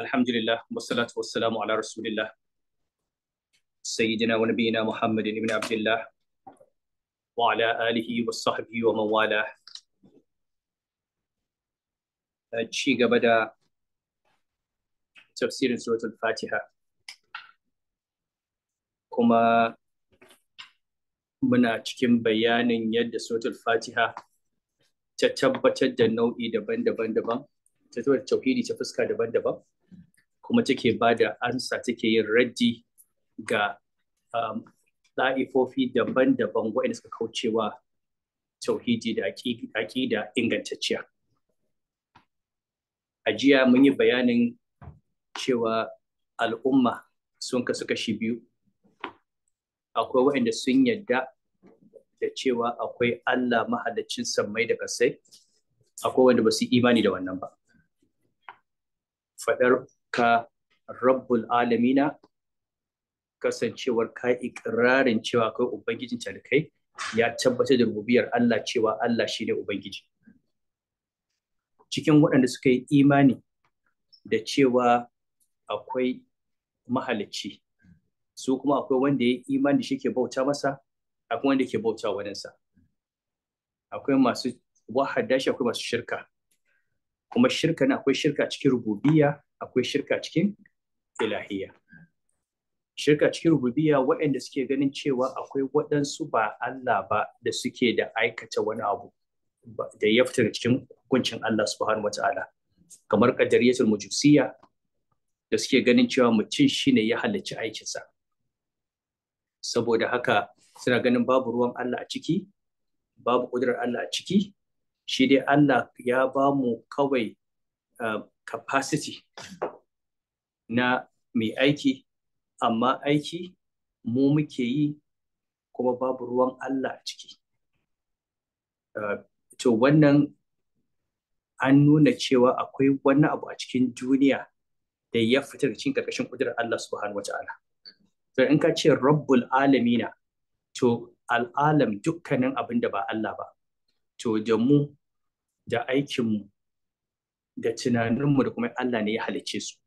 alhamdulillah wassalatu wassalamu ala rasulillah sayyidina wa nabiyina muhammadin ibn abdullah wa ala alihi wa sahbihi wa man wala uh, ci gaba da tafsirin suratul fatiha kuma muna cikin bayanin yadda suratul fatiha ta tabbatar da nau'i daban-daban daban ta tauhidi ta fuska daban-daban kuma take ba da ansa take yin raddi ga um, la'ifofi daban-daban waɗanda suka kaucewa tauhidi da aƙida ingantacciya. A jiya mun yi bayanin cewa al'umma sun kasu kashi biyu. Akwai waɗanda sun yadda da cewa akwai Allah mahalaccin sammai da kasai, akwai wanda ba su imani da wannan ba. Faɗar ka rabbul alamina kasancewar ka ikirarin cewa kai ubangijin talikai ya tabbatar da rububiyar Allah cewa Allah shi ne ubangiji cikin waɗanda suka yi imani da cewa akwai mahalicci su kuma akwai wanda ya imani shi ke bauta masa akwai wanda ke bauta waɗansa. akwai masu wahada shi akwai masu shirka kuma shirka na akwai shirka cikin rububiya akwai shirka cikin ilahiyya shirka cikin rububiyya waɗanda suke ganin cewa akwai waɗansu ba Allah ba da suke da aikata wani abu da ya fita cikin hukuncin Allah subhanahu wata'ala kamar qadariyatul mujusiya da suke ganin cewa mutum shine ya halarci aikinsa saboda haka suna ganin babu ruwan Allah a ciki babu ƙudurar Allah a ciki shi dai Allah ya bamu mu kawai ah, capacity na mai aiki amma aiki mu muke yi kuma babu ruwan Allah a ciki. Uh, to wannan an nuna cewa akwai wani abu a cikin duniya da ya fitar da cikin ƙarƙashin ƙudurar Allah subhanahu wata'ala. To in ka ce rabbul alamina to al'alam dukkanin abin da ba Allah ba. To da mu da aikinmu da tunaninmu da kuma Allah ne ya halicce su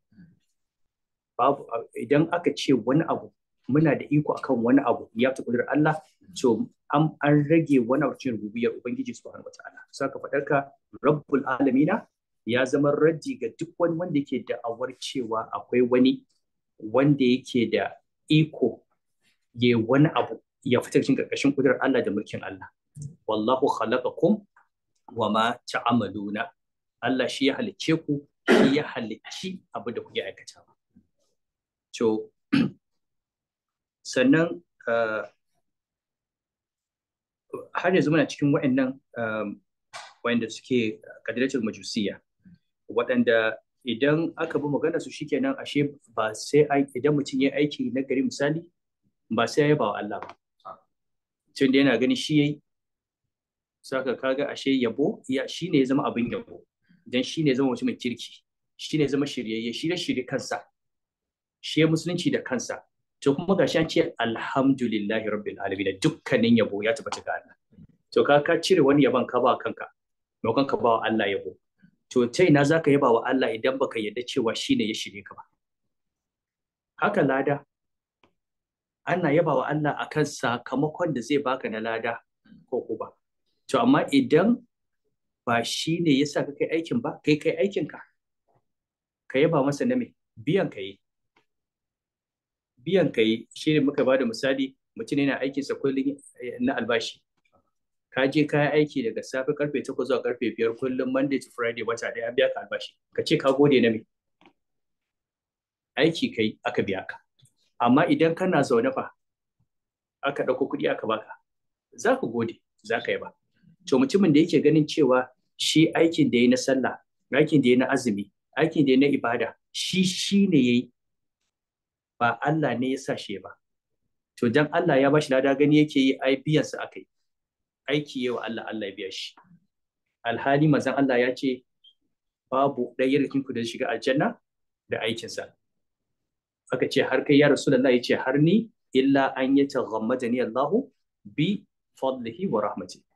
babu idan aka ce wani abu muna da iko akan wani abu ya fi kudur Allah to an rage wani abu cikin rububiyar ubangiji subhanahu wataala saka fadar ka rabbul alamina ya zama raddi ga duk wani wanda yake da awar cewa akwai wani wanda yake da iko ya wani abu ya fita cikin karkashin kudur Allah da mulkin Allah wallahu khalaqakum wa ma ta'amaluna Allah shi ya halicce ku shi ya halicci abu da kuke aikatawa to sannan eh, har yanzu muna cikin wa'annan eh, wa'anda suke kadiratul majusiya waɗanda idan aka bi magana su shikenan ashe ba sai idan mutum ya aiki na gari misali ba sai ya ba wa Allah ba tun da yana gani shi yayi saka kaga ashe yabo ya shine ya zama abin yabo dan shi ne zama mutumin kirki shi ne zama shiryayye shi ne shirye kansa shi musulunci da kansa to kuma gashi an ce alhamdulillahi rabbil alamin dukkanin yabo ya tabbata ga Allah to ka ka cire wani yaban ka ba kanka maimakon ka ba wa Allah yabo to ta ina zaka yaba wa Allah idan baka yarda cewa shi ne ya shirye ka ba haka lada ana yaba wa Allah akan sakamakon da zai baka na lada ko kuba to amma idan ba shi ne ya sa ka kai aikin ba kai kai aikinka ka yaba masa na me biyan ka yi biyan ka yi shi ne muka da misali mutum yana aikinsa kullum na albashi ka je ka yi aiki daga safe karfe 8 zuwa karfe 5 kullum Monday to Friday wata ɗaya an biya ka albashi ka ce ka gode na me aiki ka yi, aka biya ka amma idan kana zaune fa aka ɗauko kuɗi aka baka za ka gode za ka yi ba to mutumin da yake ganin cewa shi aikin da ya na sallah aikin da ya na azumi aikin da ya na ibada shi shi ne ya yi ba Allah ne ya sashe ba to dan Allah ya bashi lada gani yake yi ai biyan akai aiki yawa Allah Allah ya biya shi alhali manzon Allah ya ce babu ɗaya rikin ku da shiga aljanna da aikinsa? aka ce har kai ya rasulullah ya ce har ni illa an yataghammadani allahu bi fadlihi wa rahmatihi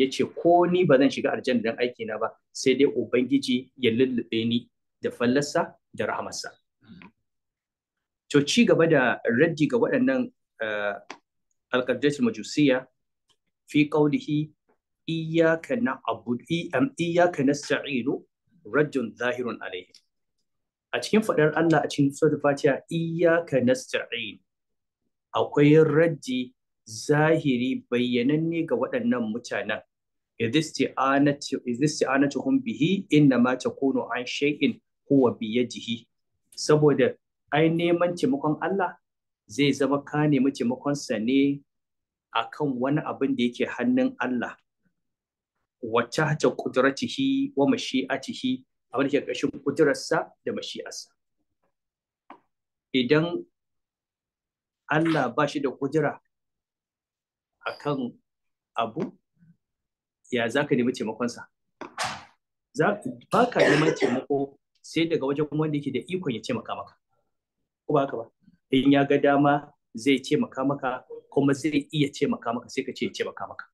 ya ce ko ni ba zan shiga aljanna dan aiki na ba sai dai ubangiji ya lullube ni da fallarsa da rahamarsa to ci gaba da raddi ga waɗannan eh, alqaddatul majusiya fi qawlihi iyyaka na'budu am iyyaka nasta'inu raddun zahirun alaihi a cikin faɗar Allah a cikin suratul Fatiha iyyaka nasta'in akwai raddi zahiri bayyananne ga waɗannan mutanen isti'anatuhum bihi inna ma takunu an shay'in huwa biyadihi saboda ai neman taimakon Allah zai zama ka nemi taimakonsa ne akan wani abin da yake hannun Allah wata ta kudratihi wa mashi'atihi abin da ke ƙarshen kudurarsa da mashi'arsa idan Allah ba shi da kudura akan abu ya za ka nemi taimakonsa ba ka neman taimako sai daga wajen wanda yake da ikon ya taimaka maka ko ba ka ba in ya ga dama zai taimaka maka kuma zai iya taimaka maka sai ka ce ya taimaka maka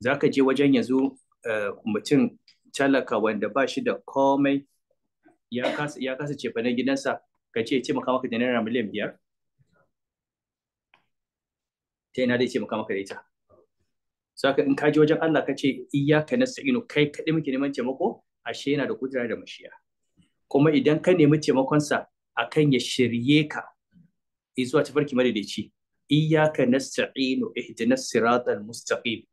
za ka je wajen yanzu eh, mutum talaka wanda ba shi da komai ya kasa ya kasa cefa na gidansa ka ce ya taimaka maka da naira miliyan biyar ta yana da ya taimaka maka da ita saka in ka ji wajen Allah ka ce iyyaka nasta'inu kai kadai muke neman taimako ashe yana da kudura da mashiya kuma idan ka nemi taimakon sa akan ya shirye ka zuwa tafarki madaidaici iyyaka nasta'inu ihdinas siratal mustaqim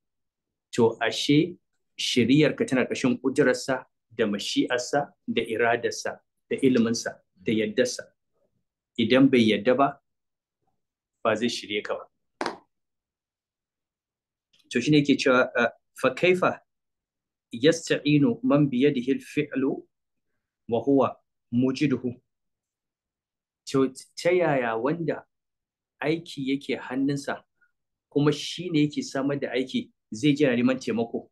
to ashe shiriyarka tana kudurar sa da mashi'arsa da iradarsa da iliminsa da yaddarsa idan bai yadda ba ba zai shirye ka ba to shine yake cewa fa kaifa yasta'inu man bi yadihi al-fi'lu wa huwa mujiduhu to ta yaya wanda aiki yake hannunsa kuma shine yake samar da aiki zai je neman taimako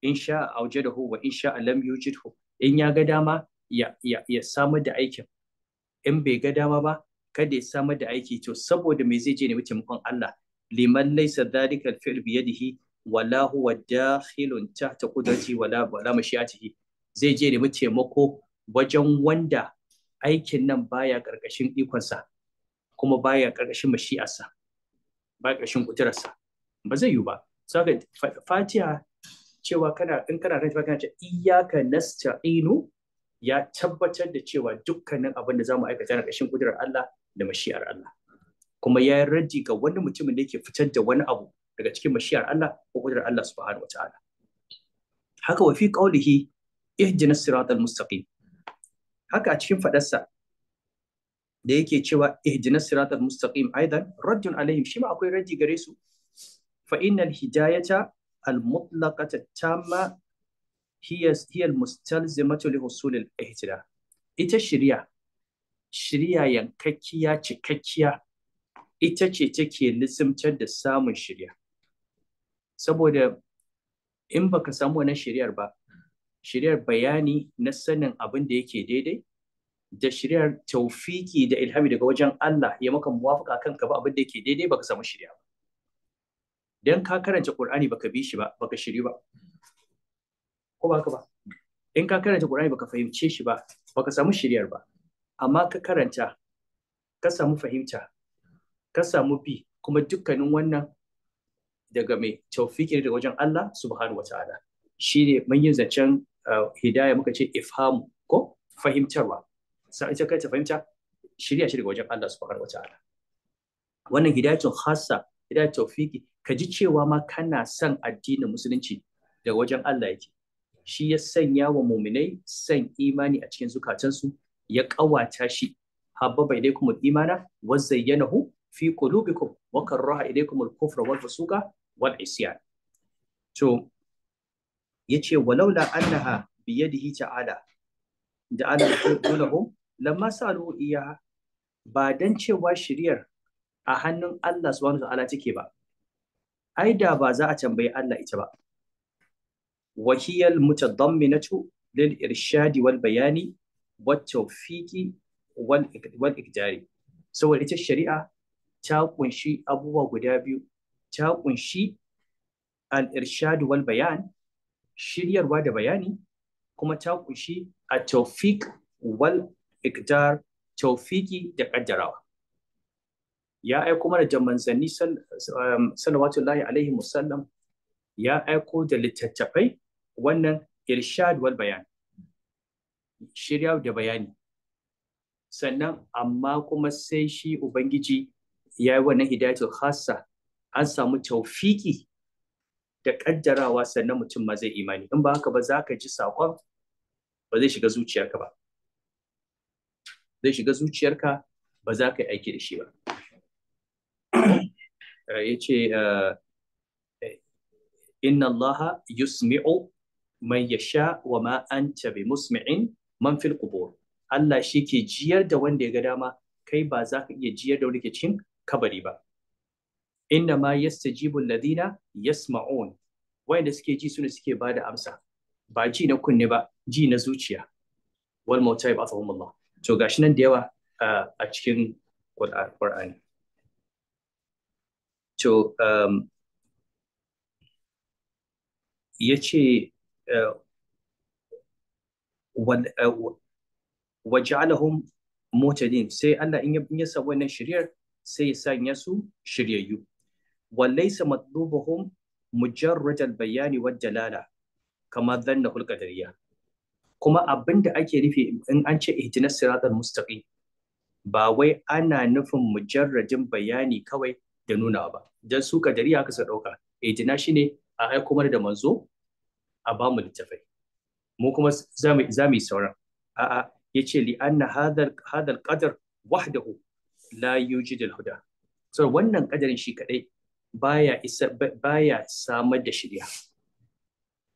in sha aujadahu wa in sha lam yujidhu in ya ga dama ya ya, samar da aikin in bai ga dama ba kada ya samar da aiki to saboda me zai je mutum taimakon Allah liman laysa dhalika al-fi'l bi yadihi wala huwa dakhilun tahta qudrati wala wala mashi'atihi zai je nemi taimako wajen wanda aikin nan baya karkashin ikonsa kuma baya karkashin mashi'arsa baya karkashin kuturarsa ba zai yi ba saka fatiha cewa kana in kana rantsuwa kana ce iyyaka nasta'inu ya tabbatar da cewa dukkanin abin da zamu aikata na ƙarshen kudurar Allah da mashi'ar Allah kuma ya raddi ga wani mutumin da yake fitar da wani abu daga cikin mashiyar Allah ko kudurar Allah subhanahu wataala haka wa fi qawlihi ihdina siratal mustaqim haka a cikin fadarsa da yake cewa ihdina siratal mustaqim aidan raddun alaihim shi ma akwai raddi gare su fa innal hidayata al mutlaqata tamma hiya hiya al mustalzimatu li husul ihtida ita shari'a shari'a yankakkiya cikakkiya ita ce take lissimtar da samun shirya saboda in baka samu wannan shiryar ba shiryar bayani na sanin abin da yake daidai da shiryar taufiki da ilhami daga wajen Allah ya maka muwafaka kan ka ba abin da yake daidai baka samu shirya ba dan ka karanta Qur'ani baka bi shi ba baka shiri ba ko baka ba in ka karanta Qur'ani baka fahimce shi ba baka samu shiryar ba amma ka karanta ka samu fahimta ka samu bi kuma dukkanin wannan daga mai taufiki ne daga wajen Allah subhanahu wa ta'ala shine mun yi zancen uh, hidaya muka ce ifhamu ko fahimtarwa sai ita kai ta fahimta shirya shi daga wajen Allah subhanahu wa ta'ala wannan hidayatun khassa hidayatun taufiki ka ji cewa ma kana son addinin musulunci daga wajen Allah yake shi ya sanya wa muminai san imani a cikin zukatansu ya ƙawata shi habba bai dai kuma imana wa fi qulubikum wa karraha ilaykum al-kufra wal fusuqa wal isyan to yace walaula annaha bi yadihi ta'ala ja'ala lahum lamma salu iya ba dan cewa shiriyar a hannun Allah subhanahu wa ta'ala take ba ai da ba za a tambayi Allah ita ba wahiyal mutadamminatu lil irshadi wal bayani wat tawfiqi wal ikdari saboda ita shari'a ta kunshi abubuwa guda biyu ta kunshi al-irshadu wal bayan shiryarwa da bayani kuma ta kunshi a tawfiq wal iqdar da kaddarawa ya aiko mana da manzanni um, salawatullahi alaihi musallam ya aiko da littattafai wannan irshad wal bayan shirya da bayani sannan amma kuma sai shi ubangiji ya yi wannan hidayatul khassa an samu taufiki da kaddarawa sannan mutum ma zai imani in ba haka ba za ka ji saƙon ba zai shiga zuciyarka ba zai shiga zuciyarka ba za ka yi aiki da shi ba eh, ya ce eh, inna allaha yusmi'u man yasha wa ma anta bi musmi'in man fil qubur Allah shi ke jiyar da wanda ya ga dama kai ba za ka iya jiyar da wanda ke cikin kabari ba inna ma yastajibu alladhina yasma'un wayanda suke ji sune suke bada amsa ba ji na kunne ba ji na zuciya wal mautai ba Allah to shi nan da yawa uh, a cikin Qur'ani to um, yace uh, uh, waj'alahum motadin sai Allah in ya samu wannan shiriyar sai ya sanya su shiryayyu walaysa matlubuhum mujarrad al-bayani wa lala kama dhanna hulqadariya kuma abinda ake nufi in an ce ihdinas siratal mustaqim ba wai ana nufin mujarradin bayani kawai da nuna ba dan su kadariya aka sa dauka ihdina shine a aiko mana da manzo a ba mu littafai mu kuma za mu yi sauran a'a yace li anna hadal hadal qadar wahdahu la yujidul huda so wannan kadarin shi kadai baya isa baya samar da shirya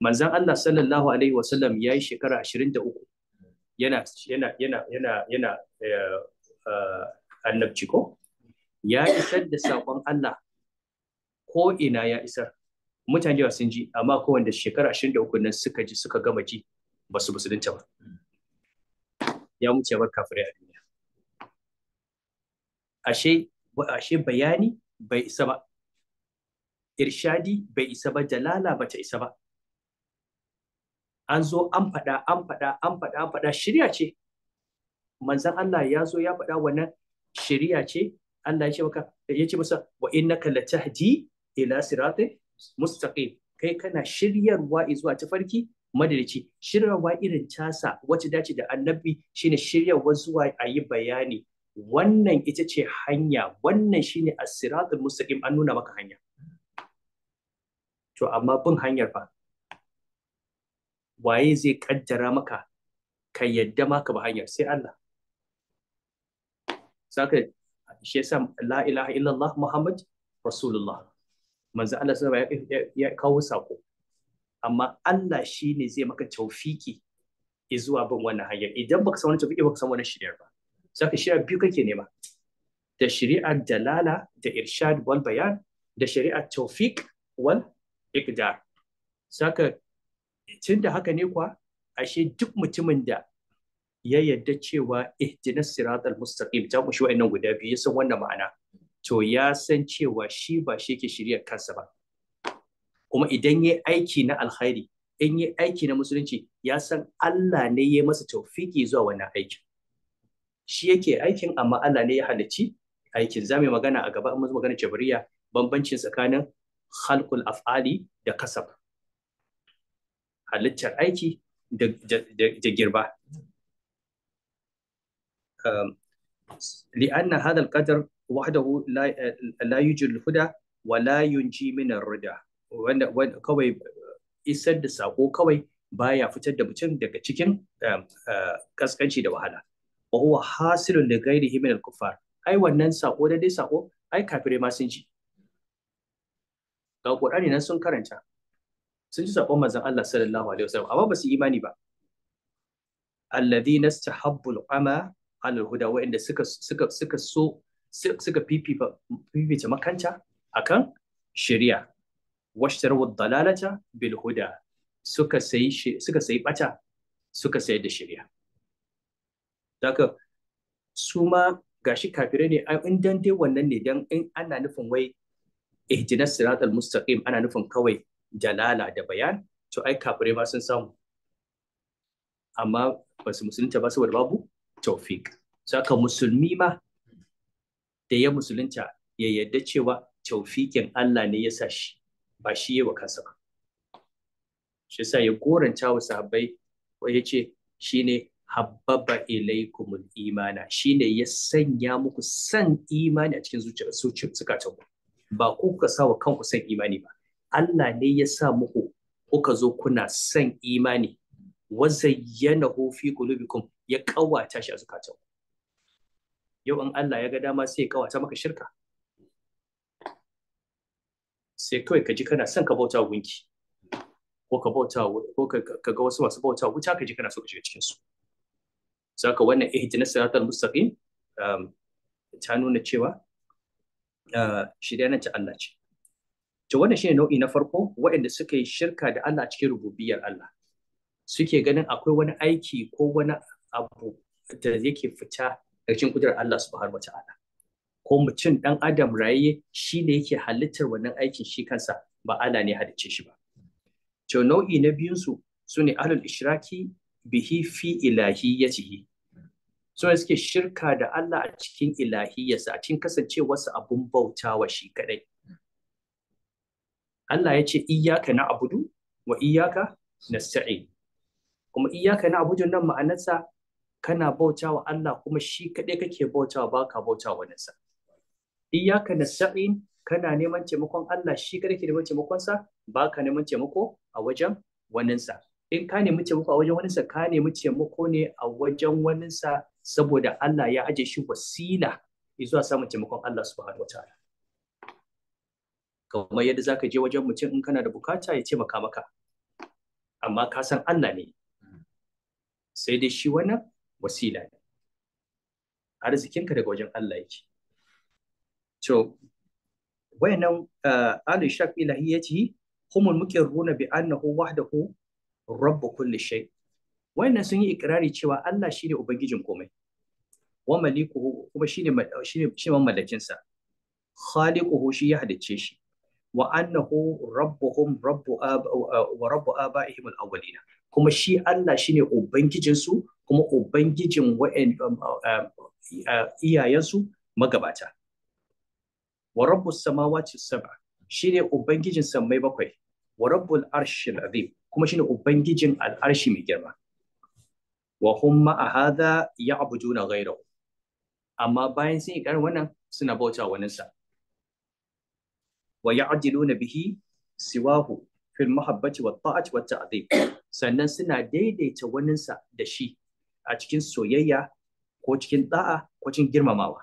manzon Allah sallallahu alaihi wasallam yayi shekara 23 yana yana yana yana yana eh, eh, annabci ko ya isar da sakon Allah ko ina ya isar mutane sun ji amma ko wanda shekara 23 nan suka ji suka gama ji basu musulunta ba ya mutu ya bar fure a duniya ashe ashe bayani bai isa ba irshadi bai isa ba ba bata isa ba an zo an faɗa an faɗa an faɗa an faɗa shirya ce manzon Allah ya zo ya faɗa wannan shirya ce Allah ya ce maka ya ce masa wa innaka latahdi ila siratin mustaqim kai kana shiryarwa zuwa tafarki madalici shiryarwa irin tasa wacce dace da annabi shine shiryarwa zuwa a yi bayani wannan ita ce hanya wannan shine as-siratul mustaqim an nuna maka hanya to amma bin hanyar fa waye zai kaddara maka ka yadda maka ba hanyar sai Allah saka shi yasa la ilaha illallah muhammad rasulullah manzo Allah sai ya kawo sako amma Allah shine zai maka taufiki zuwa bin wannan hanyar idan baka san wannan taufiki baka san wannan shiryar ba saka shari'a biyu kake nema da shari'ar dalala da irshad wal bayan da shari'ar taufik wal iqdar saka tunda haka ne kuwa ashe duk mutumin da ya yadda cewa ihdinas al mustaqim ta kushi wa'annan guda biyu ya san wannan ma'ana to ya san cewa shi ba shi ke shirya kansa ba kuma idan ya aiki na alkhairi in yi aiki na musulunci ya san Allah ne ya masa taufiki zuwa wannan aikin shi yake aikin amma Allah ne ya halicci aikin zamu magana a gaba mun magana jabriya bambancin tsakanin khalqul af'ali da kasab halittar aiki da girba لأن هذا القدر وحده لا لا يوجد wa ولا ينجي من الردى wanda kawai isar da sako kawai baya fitar da mutum daga cikin kaskanci um, uh, da wahala wa huwa hasilun da ghairihi min al ai wannan sako da dai sako ai kafirai ma sun ji ga Qur'ani nan sun karanta sun ji sakon manzon Allah sallallahu alaihi wasallam amma ba su imani ba alladhina istahabbu al-ama ala al-huda wa'inda suka suka suka so suka makanta akan shari'a washtaru ad-dalalata bil huda suka sai suka bata suka sayar da shari'a Daga su ma shi kafirai ne in dan dai wannan ne dan in ana nufin wai ihdinas siratal mustaqim ana nufin kawai jalala da bayan to ai kafirai ma sun samu amma ba su musulunta ba saboda babu tawfiq saka musulmi ma da ya musulunta ya yarda cewa tawfiqin Allah ne ya sa shi ba shi yi wa kansa ba shi ya goranta wa sahabbai ko ya ce shine habbaba ilaikumul imana shine ya sanya muku san imani a cikin zuciyarku ba ku kuka sa wa kanku san imani ba Allah ne ya sa muku kuka zo kuna san imani wa hu fi qulubikum ya kawata shi a zukatanku yau in Allah ya ga dama sai ya kawata maka shirka sai kawai ka ji kana son ka bauta gunki ko ka bauta ko ka ga wasu masu bauta wuta ka ji kana so ka shiga cikin su saka wannan ihdinas siratal mustaqim um, ta nuna cewa uh, shirya nan ta Allah ce to wannan shine nau'i na farko waɗanda suka yi shirka da Allah cikin rububiyar Allah suke ganin akwai wani aiki ko wani abu da yake fita daga cikin kudurar Allah subhanahu wataala ko mutum dan adam raye shi ne yake halittar wannan aikin shi kansa ba Allah ne halicce shi ba to nau'i na biyun su sune ahlul ishraki bihi fi ilahiyyatihi so suke shirka da Allah a cikin ilahiyarsa a cikin kasancewarsa abun bautawa shi kadai Allah ya ce iyyaka na'budu wa iyyaka nasta'in kuma iyyaka na'budu nan ma'anarsa kana bautawa Allah kuma shi kadai kake bautawa baka bautawa wani sa iyyaka nasta'in kana neman taimakon Allah shi kadai kake neman taimakon sa baka neman taimako a wajen waninsa. in ka nemi taimako a wajen waninsa ka nemi taimako ne a wajen waninsa saboda Allah ya aje shi wasila zuwa samun taimakon Allah subhanahu ta'ala kamar yadda zaka je wajen mutum in kana da bukata ya taimaka maka amma ka san Allah ne sai dai shi wannan wasila ne arzikinka daga wajen Allah yake to wayannan uh, ah, alu shaq ilahiyatihi humul muqirruna bi annahu wahdahu rabbu kulli shay wayannan sun yi ikrari cewa Allah shine ubangijin komai wa malikuhu kuma shine shine shine mallakin sa khaliquhu shi ya halicce shi wa annahu rabbuhum rabbu wa rabbu abaihim al kuma shi Allah shine ubangijin su kuma ubangijin wa'an um, um, uh, iyayensu magabata wa rabbus samawati sab'a shine ubangijin sammai bakwai wa rabbul arshil azim kuma shine ubangijin al'arshi mai girma wa hum ma'a hadha ya'buduna ghayrahu amma bayan sun yi karin wannan suna bauta Wa sa wa ya'diluna bihi siwahu fil mahabbati wa ta'ati wa ta'dhib sannan suna daidaita wannan sa da shi a cikin soyayya ko cikin da'a ko cikin girmamawa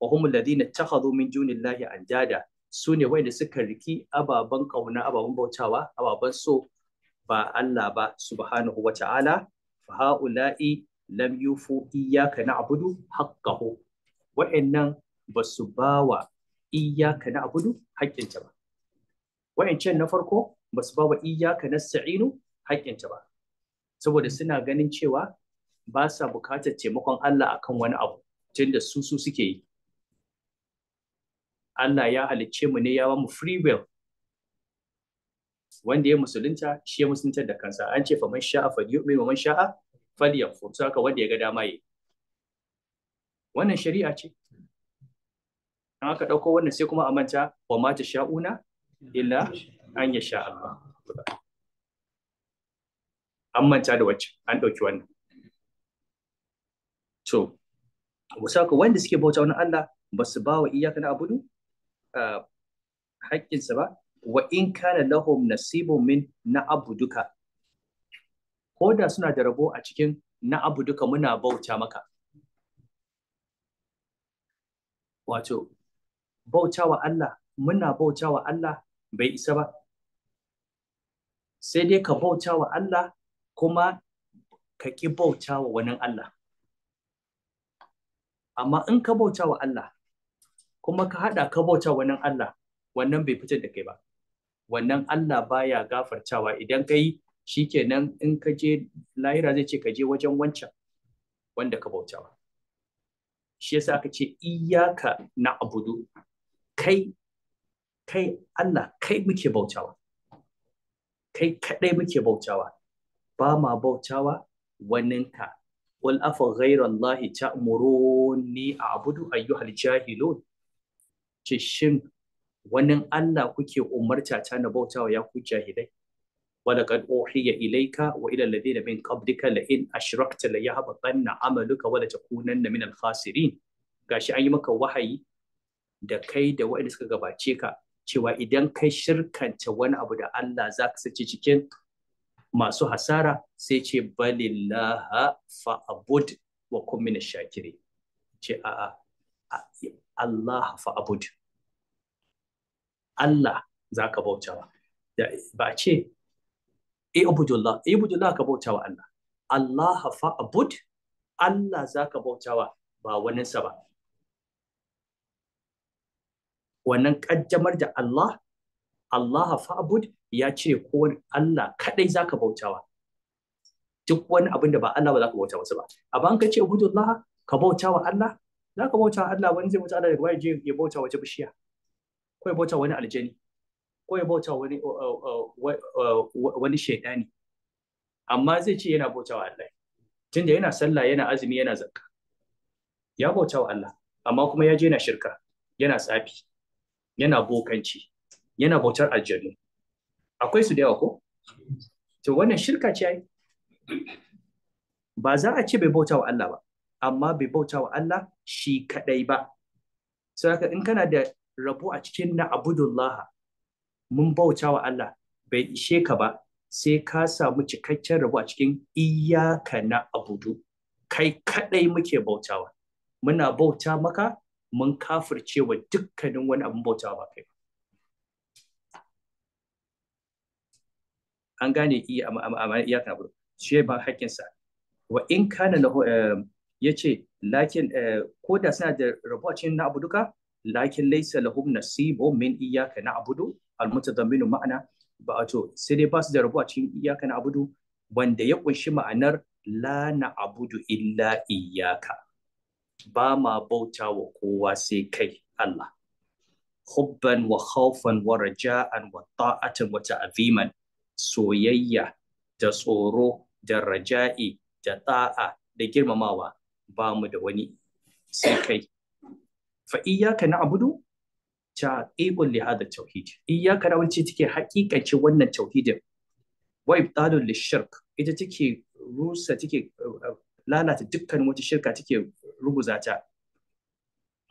wa hum alladhina takhadhu min dunillahi andada su ne wanda suka riki ababen kauna ababen bautawa ababen so ba Allah ba subhanahu wa ta'ala fa ha'ula'i lam yufu iyyaka na'budu haqqahu wa'annan ba su bawa iyyaka na'budu haƙƙinta ba wa'ancan na farko ba su bawa iyyaka nasta'inu haƙƙinta ba saboda suna ganin cewa ba sa bukatar taimakon Allah akan wani abu tunda su su suke yi Allah ya halicce mu ne ya ba mu free will wanda ya musulunta shi ya musuluntar da kansa an ce faman sha'a fa falyu'min wa man sha'a falyakfur so haka wanda ya ga dama yi wannan shari'a ce an aka dauko wannan sai kuma a manta wa ma ta sha'una illa an ya sha Allah an manta da wacce an dauki wannan to wasaka wanda suke bauta wani Allah ba su ba wa iyaka na abudu ah, haƙƙinsa ba wa in kana lahum nasibun min na duka ko da suna da rabo a cikin na abu duka muna bauta maka wato bauta wa Allah muna bauta wa Allah bai isa ba sai dai ka bauta wa Allah kuma ka ki bauta wa wani Allah amma in ka bauta wa Allah kuma ka haɗa ka bauta wa wani Allah wannan bai fitar da kai ba wannan Allah baya gafartawa idan ka yi nan in ka je lahira zai ce ka je wajen wancan wanda ka bautawa shi yasa aka ce iyaka na abudu kai kai Allah kai muke bautawa kai kadai muke bautawa ba ma bautawa waninka qul afa ghayra allahi ta'muruni a'budu ayyuhal jahilun ce shin wani Allah kuke umarta ta na bautawa ya ku jahilai wa ولقد أوحي إليك la in من قبلك لئن amaluka ليهبطن عملك ولتكونن من الخاسرين gashi an yi maka wahayi da kai da waɗanda suka gabace ka cewa idan kai shirkanta wani abu da Allah za ka sace cikin masu hasara sai ce balillaha abud wa kum min shakiri ce a Allah abud Allah za ka bautawa ba a ce E ibudullah ka bautawa Allah Allah fa abud Allah za ka bautawa ba waninsa ba wannan ƙaddamar da Allah Allah abud ya ce ko Allah kadai za ka bautawa duk wani abin da ba Allah ba za ka bauta masa ba ba ka ce ubudullah ka bautawa Allah za ka bautawa Allah wani zai mutu Allah daga waje ya bauta waje bishiya ko ya bauta wani aljani ko ya bauta wani uh, uh, uh, wani shaidani amma zai ce yana bauta wa Allah tunda yana sallah yana azumi yana zakka ya bauta wa Allah amma kuma ya je yana shirka yana tsafi yana bokanci yana bautar aljanu akwai su da yawa ko to wannan shirka ce ai ba za a ce bai bauta wa Allah ba amma bai bauta wa Allah shi kadai ba so haka in kana da Rabu a cikin na Abudullaha mun bauta wa Allah bai ishe ka ba sai ka samu cikakken rabu a cikin iyaka na abudu kai kadai muke bautawa muna bauta maka mun kafirce wa dukkanin wani abin bautawa ba kai an gane iyaka abudu shi ba haƙƙinsa wa in kana na eh, ya ce lakin eh, ko suna da rabu a cikin na abu duka lakin laysa lahum nasibun min iyyaka na'budu almutadamminu ma'ana ba to sai dai ba su da rabu a cikin iyyaka na'budu wanda ya kunshi ma'anar la na'budu illa iyyaka ba ma bauta wa kowa sai kai Allah hubban wa khawfan wa raja'an wa ta'atan wa ta'ziman soyayya da tsoro da raja'i da ta'a da girmamawa ba mu da wani sai kai fa iyyaka na'budu ta'ibul li hadha tauhid iyyaka na'budu ce take hakikance wannan tauhidin wa ibtalul lishirk ita take rusa take uh, uh, lalata dukkan wata shirka take ruguza ta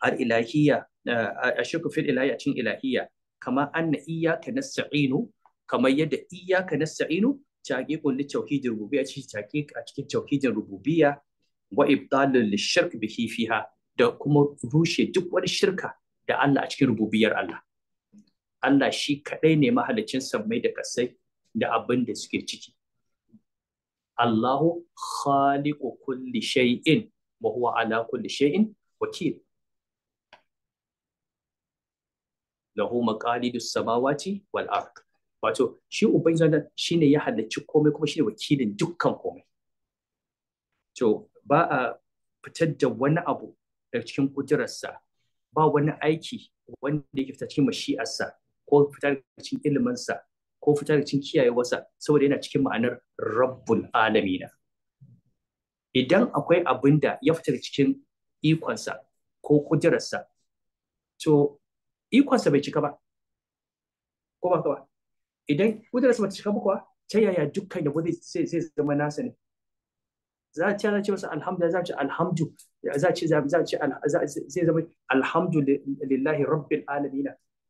al ilahiyya uh, ashirku fil ilahiyya cin ilahiyya kama anna iyyaka nasta'inu kamar yadda iyyaka nasta'inu taqiqul li tauhidir rububiyya ce taqiq a cikin tauhidin rububiyya wa ibtalul lishirk bihi fiha da kuma rushe duk wani shirka da Allah a cikin rububiyar Allah. Allah shi kaɗai ne mahalicin sammai da kasai da abin da suke ciki. Allahu khaliqu kulli shay'in wa huwa ala kulli shay'in wakil. Lahu maqalidus samawati wal ard. Wato shi Ubangiji shine ya halicci komai kuma shine wakilin dukkan komai. To ba a fitar da wani abu daga cikin kudurarsa ba wani aiki wanda yake fita cikin mashi'arsa ko fita daga cikin iliminsa ko fita daga cikin kiyayewarsa saboda yana cikin ma'anar rabbul alamina idan akwai abin da ya fita daga cikin ikonsa ko kudurarsa to ikonsa bai cika ba ko ba ka ba idan kudurarsa bai cika ba kuwa ta yaya dukkan yabo zai zama nasa ne za ta ce masa alhamdu za ce alhamdu za ce za ce zai zama alhamdulillahi rabbil alamin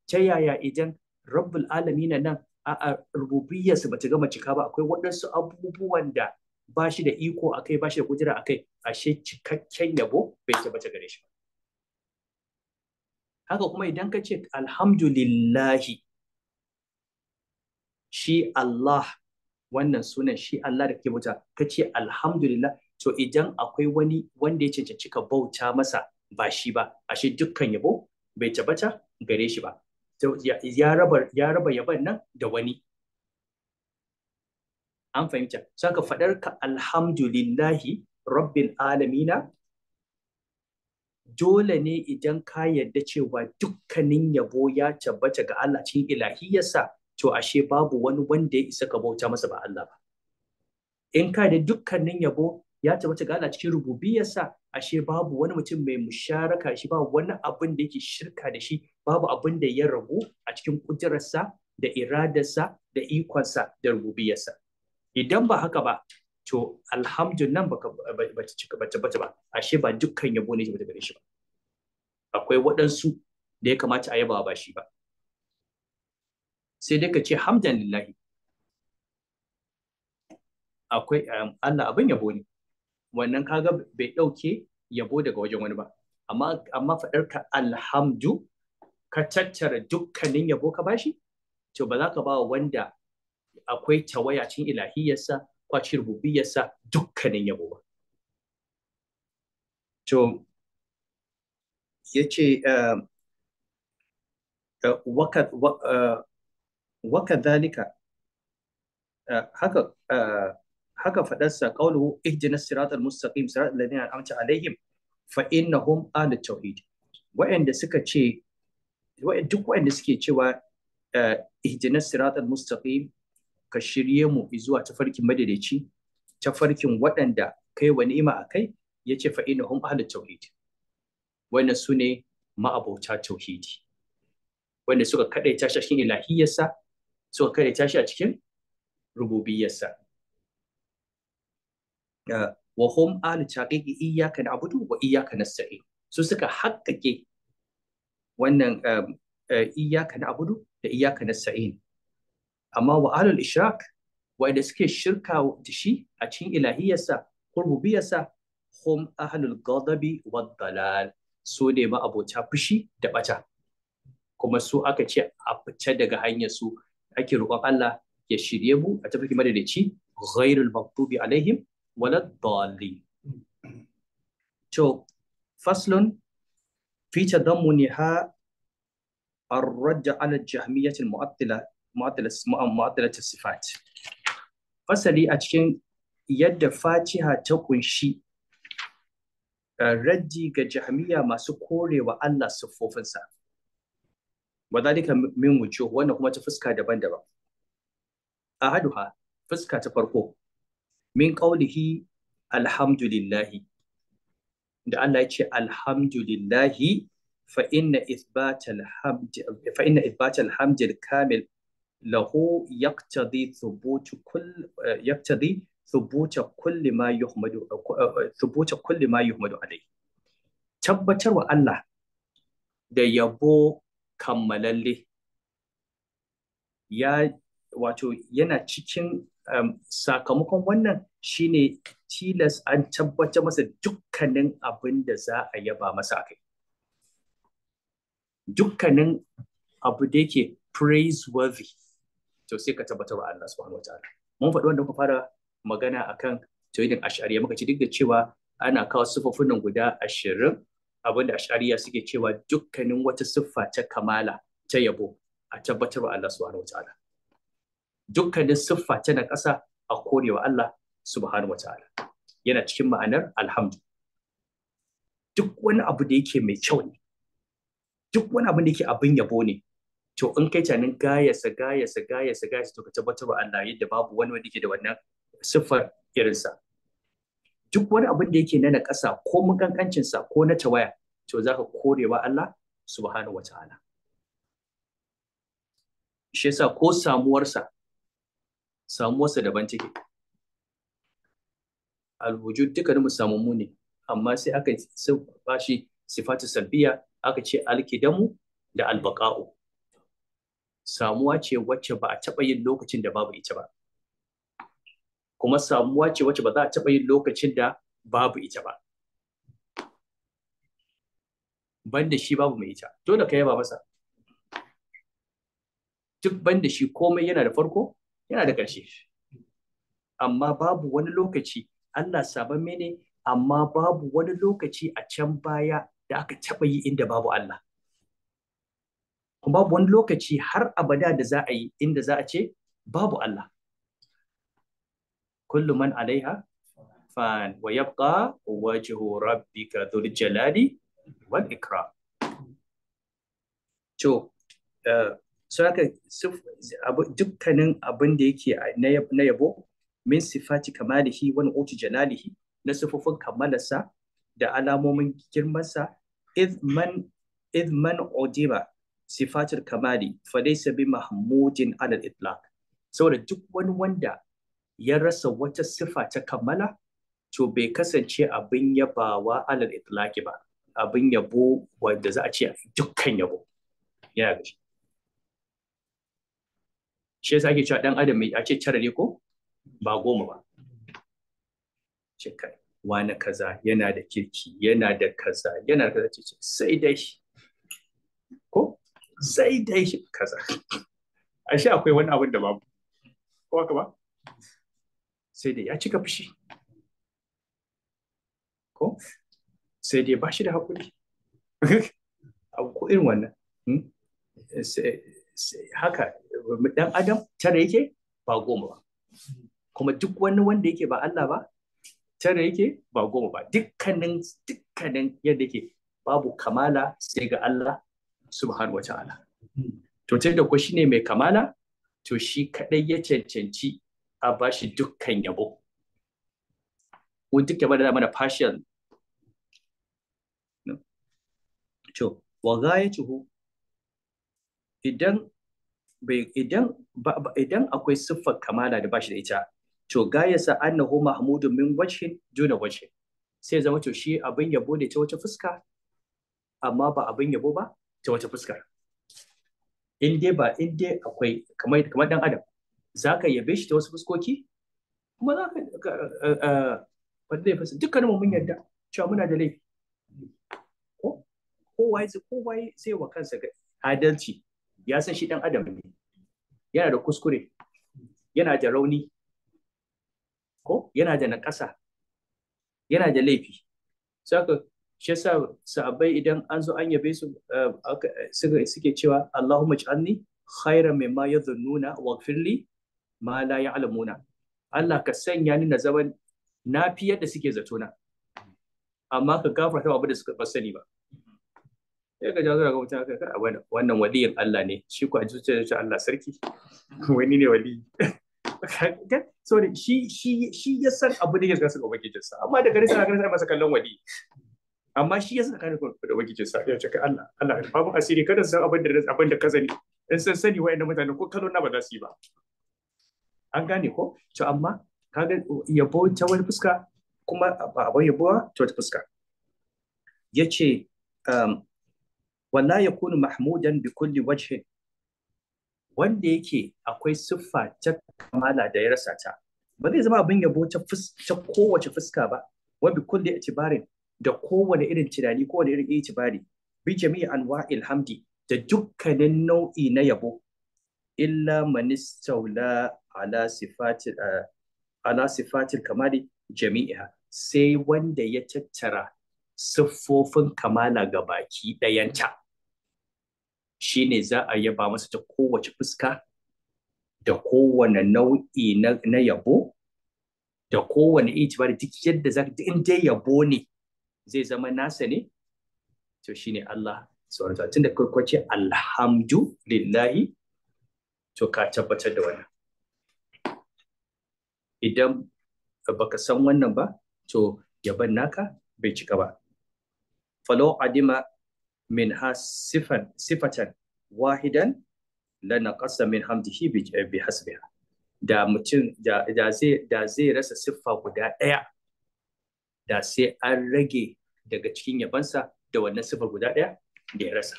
ta yaya idan rabbil alamin nan a rububiyyar su bata gama cika ba akwai waɗansu abubuwan da ba shi da iko akai ba shi da kudura akai ashe cikakken yabo bai bata gare shi haka kuma idan ka ce alhamdulillahi shi Allah wannan sunan shi Allah da ke bauta ka ce alhamdulillah to idan akwai wani wanda ya cancanci ka bauta masa ba shi ba ashe dukkan yabo bai tabbata gare shi ba ya raba ya raba yabon nan da wani an fahimta saka fadar ka alhamdulillahi rabbil alamina dole ne idan ka yarda cewa dukkanin yabo ya tabbata ga Allah cikin ilahiyarsa to ashe babu wani wanda ya isa ka bauta masa ba Allah ba in ka da dukkanin yabo ya tabbata ga Allah cikin rububiyarsa ashe babu wani mutum mai musharaka shi ba wani abin da yake shirka da shi babu abin da ya rabu a cikin kudirarsa da iradarsa da ikonsa da rububiyarsa idan ba haka ba to alhamdulillah baka ta bata ba ashe ba dukkan yabo ne bata gare shi ba akwai waɗansu da ya kamata a yaba ba shi ba sai dai ka ce hamdan lillahi akwai um, Allah abin yabo ne wannan kaga bai ɗauke yabo daga wajen wani ba amma amma faɗar ka alhamdu ka tattara dukkanin yabo ka bashi to ba za ka ba wanda akwai tawaya cin ilahiyarsa ko cin rububiyarsa dukkanin yabo ba to yace um, uh, uh, wa kadhalika eh, haka eh, haka fadarsa qawluhu ihdinas siratal mustaqim siratal ladzina an'amta alaihim fa innahum ahlut tauhid wa'anda suka ce duk wa'anda suke cewa eh, ihdinas siratar mustaqim ka shirye mu zuwa farkin madadaci tafarkin waɗanda kai wa ni'ima a kai ya ce fa'inahum ahlut tauhid wannan su ne ma'abauta tauhidi wanda suka cikin shashin ilahiyarsa suka karyata shi a cikin rububiyarsa wa hum alu taqiqi iyyaka na'budu wa iyyaka nasta'in su suka haƙƙaƙe wannan um, eh, iyyaka na'budu da iyyaka nasta'in amma wa alul wa idan suke shirka da shi a cikin ilahiyarsa ko rububiyarsa hum ahlul ghadabi wad dalal su ne ma abota fushi da bata kuma su aka ce a fice daga hanyar su ake roƙon Allah ya shirye mu a tafi madadaci ghairul Maktubi alaihim walad dallin to faslun fi tadammuniha الرد على الجهمية المعطلة معطلة معطلة sifat fasali a cikin yadda fatiha ta kunshi eh, raddi ga jahmiya masu korewa Allah siffofinsa wa dika min wuce wannan kuma ta fuska daban-daban ahaduha fuska ta farko min qawlihi alhamdulillahi da Allah ya ce alhamdulillahi fa inna ithbatal hamd kamil lahu yaqtadi thubut kull yaqtadi ثبوت كل ما يحمد ثبوت Allah da yabo kammalalle ya wato yana cikin um, sakamakon wannan shine tilas an tabbatar masa dukkanin abin da za a yaba masa akai dukkanin abu da yake praiseworthy to sai ka tabbatar wa Allah subhanahu wataala mun faɗi wanda muka fara magana akan tawhidin ash'ari muka ci duk da cewa ana kawo sufofin guda ashirin abin da ashariya suke cewa dukkanin wata siffa ta kamala ta yabo a tabbatarwa Allah subhanahu wataala dukkanin siffa ta na ƙasa a korewa Allah subhanahu wataala yana cikin ma'anar alhamdu duk wani abu da yake mai kyau ne duk wani abu da yake abin yabo ne to in kai tanin gayasa gayasa gayasa gayasa to ka tabbatar wa Allah yadda babu wani wanda yake da wannan siffar irinsa duk wani abin da yake na ƙasa ko mun ko na tawaya to za zaka korewa Allah subhanahu wataala shi yasa ko samuwarsa samuwarsa daban take alwujud dukkanin mu ne amma sai aka ba shi sifatu salbiya aka ce alkidamu da albaqa'u samuwa ce wacce ba a taɓa yin lokacin da babu ita ba kuma samuwa ce wacce ba za a taɓa yin lokacin da babu ita ba banda shi babu mai ita dole ka ba masa duk banda shi komai yana da farko yana da ƙarshe amma babu wani lokaci Allah saban mene amma babu wani lokaci a can baya da aka taɓa yi inda babu Allah babu wani lokaci har abada da za a yi inda za a ce babu Allah Kulluman man alaiha wa yabqa wajhu rabbika dhul jalali wal ikram to eh, saka dukkanin abin yake na yabo min sifati kamalihi wa nu'uti jalalihi na sifofin kamalarsa da alamomin girmansa idman idman udiba sifatul kamali fa laysa mahmudin ala al-itlaq saboda duk wani wanda ya rasa wata sifa ta kammala to bai kasance abin yabawa alal itlaki ba abin yabo wanda za a ce dukkan yabo Ya ga shi yasa ake cewa dan adam mai a ce tara ne ko ba goma ba ce kai wani kaza yana da kirki yana da kaza yana da kaza ce sai dai ko sai dai kaza shi akwai wani abin da babu ko haka ba sai dai ya cika fushi ko sai dai ba shi da haƙuri ko irin wannan hmm? haka dan adam tara yake ba goma ba kuma duk wani wanda yake ba Allah ba tara yake ba goma ba dukkanin dukkanin yadda yake babu kamala sai ga Allah subhanahu wataala hmm. to tun da ko shine mai kamala to shi kadai ya cancanci a bashi dukkan yabo mun duk yabo da mana partial to wa gayatuhu idan idan idan akwai siffar kamala da bashi da ita to gayasa annahu mahmudun min wajhin juna wajhin sai zama to shi abin yabo ne ta wata fuska amma ba abin yabo ba ta wata fuskar in dai ba in dai akwai kamar dan adam za ka yabe shi ta wasu fuskoki kuma za ka wanda ya fasa dukkanin mun yarda cewa muna da laifi ko kowa zai kowa zai wa kansa ga adalci ya san shi dan adam ne yana da kuskure yana da rauni ko yana da naƙasa yana da laifi saka shi yasa sahabbai idan an zo an yabe su eh, suke cewa Allahumma ij'alni khayran mimma yadhunnuna waghfirli ma la ya'lamuna Allah ka sanya ni na zama na fi yadda suke zato na amma ka gafarta wa da suka ba sani ba sai ka jazo ga mutum ka kada wannan waliyin Allah ne shi ko ajuce zuciyar shi Allah sarki wani ne wali so shi shi shi ya san abu da yake ga ubangijin sa amma da gari sana gari sana masa kallon wali amma shi ya san kare da wakilin sa ya ce Allah Allah babu asiri kada san abin da abin da ka sani in san sani wayannan mutane ko kallon na ba za su yi ba an gane ko to amma kaga yabo ta wani fuska kuma ba yabo ta wata fuska yace um, wala yakunu mahmudan bi kulli wajhin wanda yake akwai siffa ta kamala da ya rasa ta ba zai zama abin yabo ta kowace fuska ba wa bi kulli itibarin da kowane irin tunani kowane irin itibari bi jami'i anwa'il hamdi da dukkanin nau'i na yabo illa manistaula. ala sifatil ala sifatil kamali jami'a sai wanda ya tattara siffofin kamala ga baki ɗayanta shine za a yaba masa ta kowace fuska da kowane nau'i na yabo da kowane itibari duk yadda za in dai yabo ne zai zama nasa ne to shine Allah subhanahu wa ta'ala tunda kai to ka tabbatar da wannan idan baka san wannan ba to yaban naka bai cika ba falo adima min ha sifatan wahidan lana qasa min hamdihi bi hasbiha da mutum da zai da zai rasa siffa guda ɗaya da sai an rage daga cikin yabansa da wannan siffa guda ɗaya da ya rasa.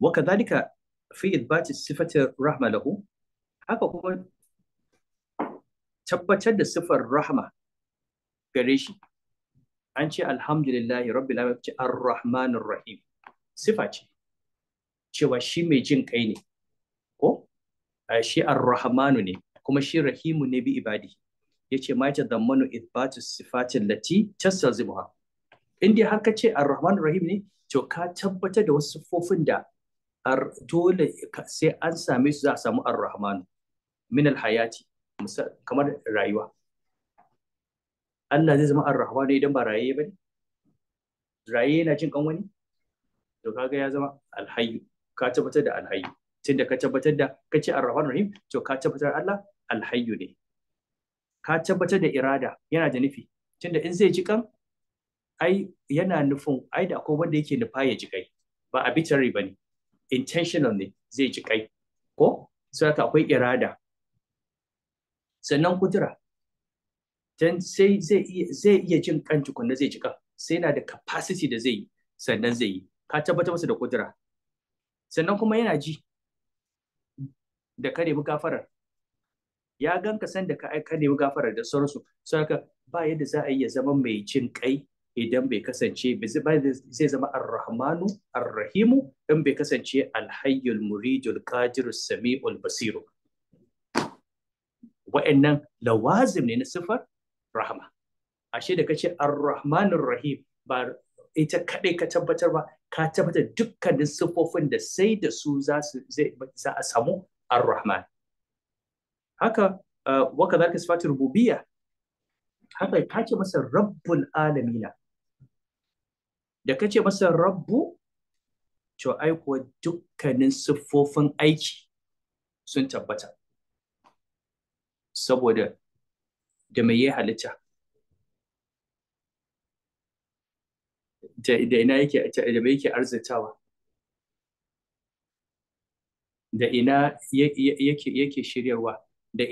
Waka zalika fi idbati sifatin rahma lahu haka kuma tabbatar da sifar rahma gare shi an ce alhamdulillahi rabbil alamin ce arrahmanir rahim sifa ce cewa shi mai jin kai ne ko shi arrahmanu ne kuma shi rahimu ne bi ibadi yace ma ta dammanu ithbatu sifatin lati tastalzimuha in dai har ka ce arrahmanir rahim ne to ka tabbatar da wasu sifofin da dole sai an same su za a samu arrahmanu min alhayati kamar rayuwa Allah zai zama arrahwa ne idan ba raye ba ne raye yana jin kan to kaga ya zama alhayyu ka tabbatar da alhayyu tunda ka tabbatar da kace arrahman rahim to ka tabbatar Allah alhayyu ne ka tabbatar da irada yana da nufi tunda in zai ji kan ai yana nufin ai da akwai wanda yake nufa ya ji kai ba arbitrary bane intentional ne zai ji kai ko sai akwai irada sannan kudura sai zai iya jin kan tukunna zai ji sai yana da capacity da zai yi sannan zai yi ka tabbata masa da kudura sannan kuma yana ji da ka nemi gafarar ya ganka ka san da ka aika nemi gafarar da sauransu saboda ba yadda za a iya zama mai jin kai idan bai kasance zai zama arrahmanu arrahimu idan bai kasance alhayyul muridul qadirus sami'ul basiru wa'annan lawazim ne na sifar rahama ashe da kace ar-rahmanur rahim ba ita kadai ka tabbatar ba ka tabbatar dukkanin siffofin da sai da su za su za a samu ar-rahman haka ah, wa kadhalika sifatu rububiyya haka ka ce masa rabbul alamina da kace masa rabbu to ai kuwa dukkanin siffofin aiki sun tabbata saboda da mai yi halitta da ina yake da mai yake arzitawa da ina yake yake shiryarwa da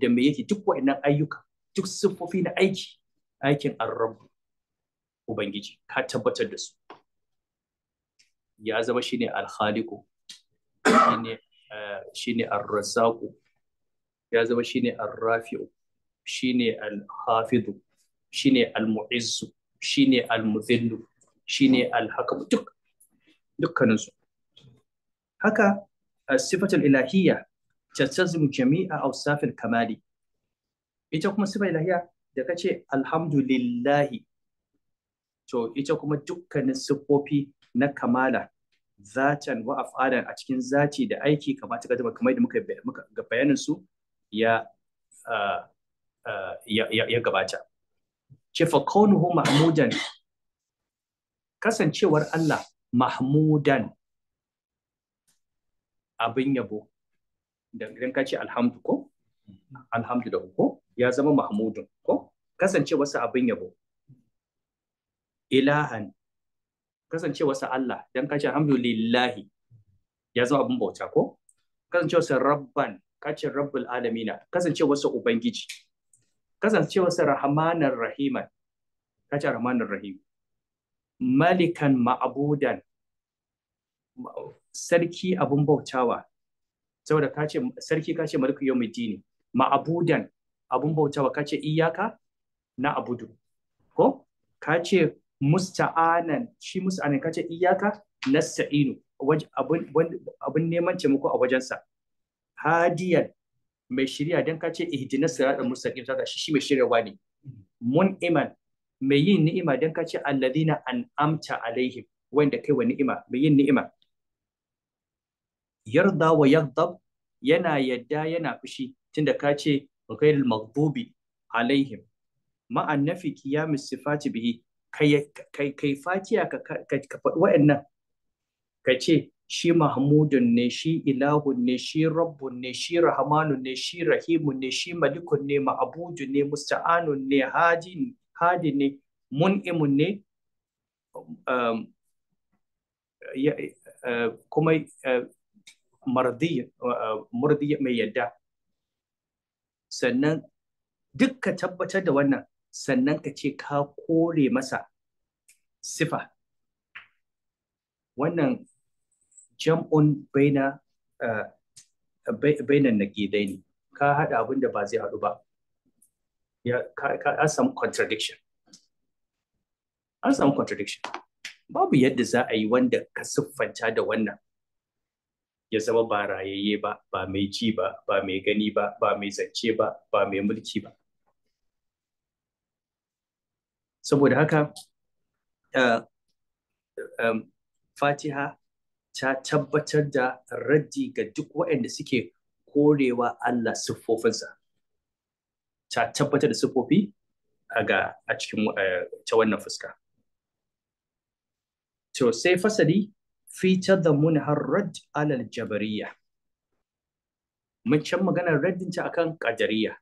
da mai yake duk wa'annan ayyuka duk siffofi na aiki aikin arrabu ubangiji ka tabbatar da su ya zama shine alhaliku shine eh, shine arrazaku ya zama shine al rafiu shine al-hafidu shine al-mu'izzu shine al-mudhillu shine al-hakim duk dukkanin su haka sifatul ilahiyya tattazimu jami'a awsafil kamali ita kuma sifar ilahiyya da kace alhamdulillahi to ita kuma dukkanin siffofi na kamala zatan wa af'alan a cikin zaci da aiki kamata ka zama kamar da muka muka ga bayanin su Uh, uh, ya ya gabata ce fa kaunuhu mahmudan kasancewar Allah mahmudan abin yabo idan ka ce alhamdu ko alhamdu da ko ya zama mahmudun ko kasancewarsa abin yabo ilahan kasancewarsa Allah dan ka ce alhamdulillahi ya zama abin bauta ko kasancewarsa rabban kacin rabbul alamina kasance wasu ubangiji Kasance wasu rahmanar rahiman kacin rahmanar rahim malikan ma'abudan sarki abun bautawa saboda kace sarki kace maliku yawmiddini ma'abudan abun bautawa kace iyaka na abudu ko kace musta'anan shi musta'anan kace iyaka nasta'inu abun abun neman taimako a wajensa hadiyan mai shirya don ka ce ihdina Musa mustaqim sada shi mai shiryawa ne mun iman mai yin ni'ima don ka ce alladhina an'amta alaihim wanda kai wa ni'ima mai yin ni'ima yarda wa yaghdab yana yadda yana fushi tunda ka ce ghairil maghdubi alaihim ma'an nafi qiyamis sifati bihi kai kai fatiya ka ka faɗi wa'annan ka ce shi mahmudun ne shi ilahun ne shi rabbun ne shi rahmanun ne shi rahimun ne shi malikun ne ma'abudun ne musta'anun ne hadi ne mun'imun ne um, uh, kuma uh, mardi uh, mai yadda sannan duk ka tabbatar da wannan sannan ka ce ka kore masa sifa wannan un baina eh, bainan ne. ka hada abin da ba zai hadu ba ya ka ka samu contradiction an samu contradiction babu yadda za a yi wanda ka siffanta da wannan ya zama ba rayayye ba ba mai ji ba ba mai gani ba ba mai zance ba ba mai mulki ba saboda haka eh, eh, fatiha ta tabbatar da raddi ga duk waɗanda suke korewa Allah siffofinsa ta tabbatar da siffofi a cikin eh, ta wannan fuska to sai fasali fitar da har radd alal jabariya mun can maganar raddinta akan kadariya.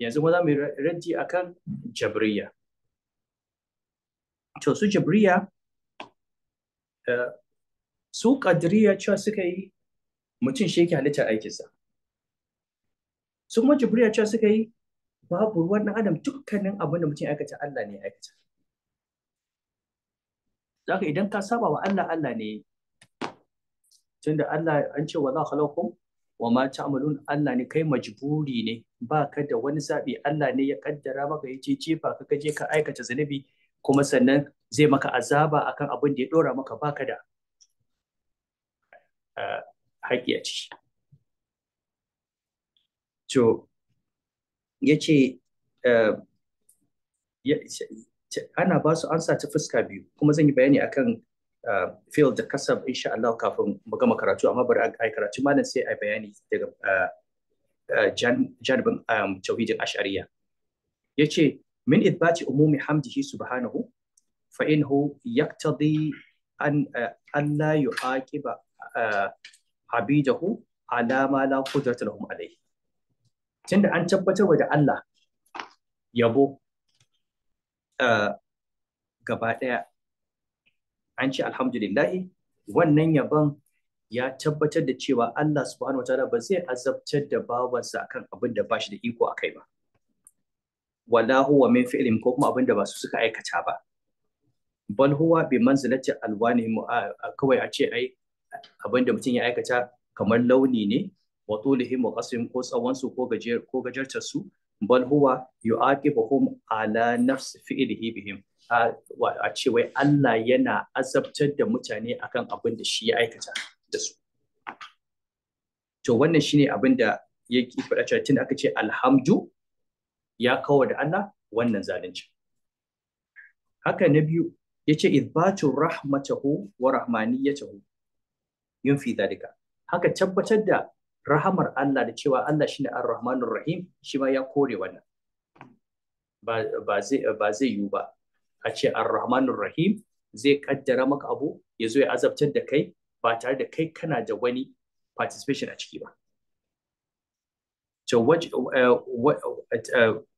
yanzu ma za mu yi raddi akan jabriya to su jabriya eh, su ƙadiriya cewa suka yi mutum shi yake halittar aikinsa su kuma jibriya cewa suka yi babu ruwan ɗan adam dukkanin abin da mutum aikata Allah ne aikata zaka idan ka saba wa Allah Allah ne tunda Allah an ce wa za khalaqakum wa ma ta'malun Allah ne kai majburi ne ba ka da wani zaɓi Allah ne ya kaddara maka ya ce jefa ka je ka aikata zunubi kuma sannan zai maka azaba akan abin da ya ɗora maka baka da haƙi a ciki to eh, ya ce ana ba su ansa ta fuska biyu kuma zan yi bayani akan eh, fil da kasab insha Allah kafin mu gama karatu amma bari a karatu malam sai a bayani daga eh, janibin um, tawhidin ashariya ya ce min idbati umumi hamdihi subhanahu fa innahu yaqtadi an an la yu'aqiba habijahu ala ma la qudrata lahum alayhi tunda an tabbatar da Allah yabo gaba daya an ce alhamdulillahi wannan yabon ya tabbatar da cewa Allah subhanahu wataala ba zai azabtar da bawansa akan abin da ba shi da iko akai ba wala huwa min fi'lin ko kuma abin da ba su suka aikata ba bal huwa bi manzilati alwani kawai a ce ai abin da mutum ya aikata kamar launi ne wa tulihim wa qasim ko tsawon su ko gajer ko gajartar su bal huwa yu'aqibuhum ala nafs fi'lihi bihim a ce wai Allah yana azabtar da mutane akan abin da shi ya aikata da su to wannan shine abin da yake faɗa cewa tun aka ce alhamdu ya kawo da Allah wannan zalunci haka na biyu yace idbatu rahmatahu wa rahmaniyatahu yunfi dalika haka tabbatar da rahamar Allah da cewa Allah shine Ar-Rahmanur Rahim shi ma ya kore wannan ba zai ba zai yiwu ba a ce Ar-Rahmanur Rahim zai kaddara maka abu ya zo ya azabtar da kai ba tare da kai kana da wani participation a ciki ba to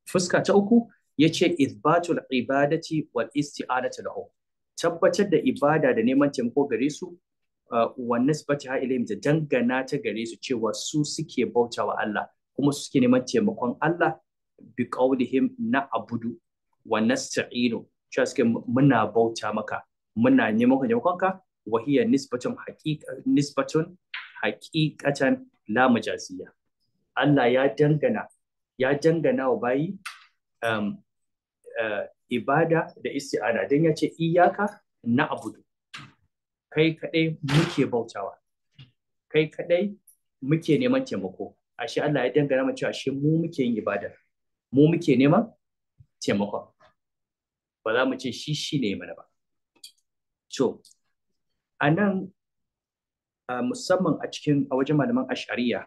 fuska ta uku yace ithbatul ibadati wal isti'anatu lahu tabbatar da ibada da neman taimako gare su Uh, wa nisbatiha ilayhim da dangana ta gare su cewa su suke bauta wa Allah kuma su suke neman taimakon Allah bi qaulihim na abudu wa nasta'inu cewa suke muna bauta maka muna neman taimakon ka wa hiya nisbatun haqiqa nisbatun haqiqatan la majaziya Allah ya dangana ya dangana wa bayi um, uh, ibada da isti'ana dan ya ce iyaka na abudu kai kaɗai muke bautawa kai kaɗai muke neman taimako ashe Allah ya dangana mu cewa ashe mu muke yin ibada mu muke neman taimakon ba za mu ce shi shi ne mana ba to anan musamman a cikin a wajen malaman ash'ariya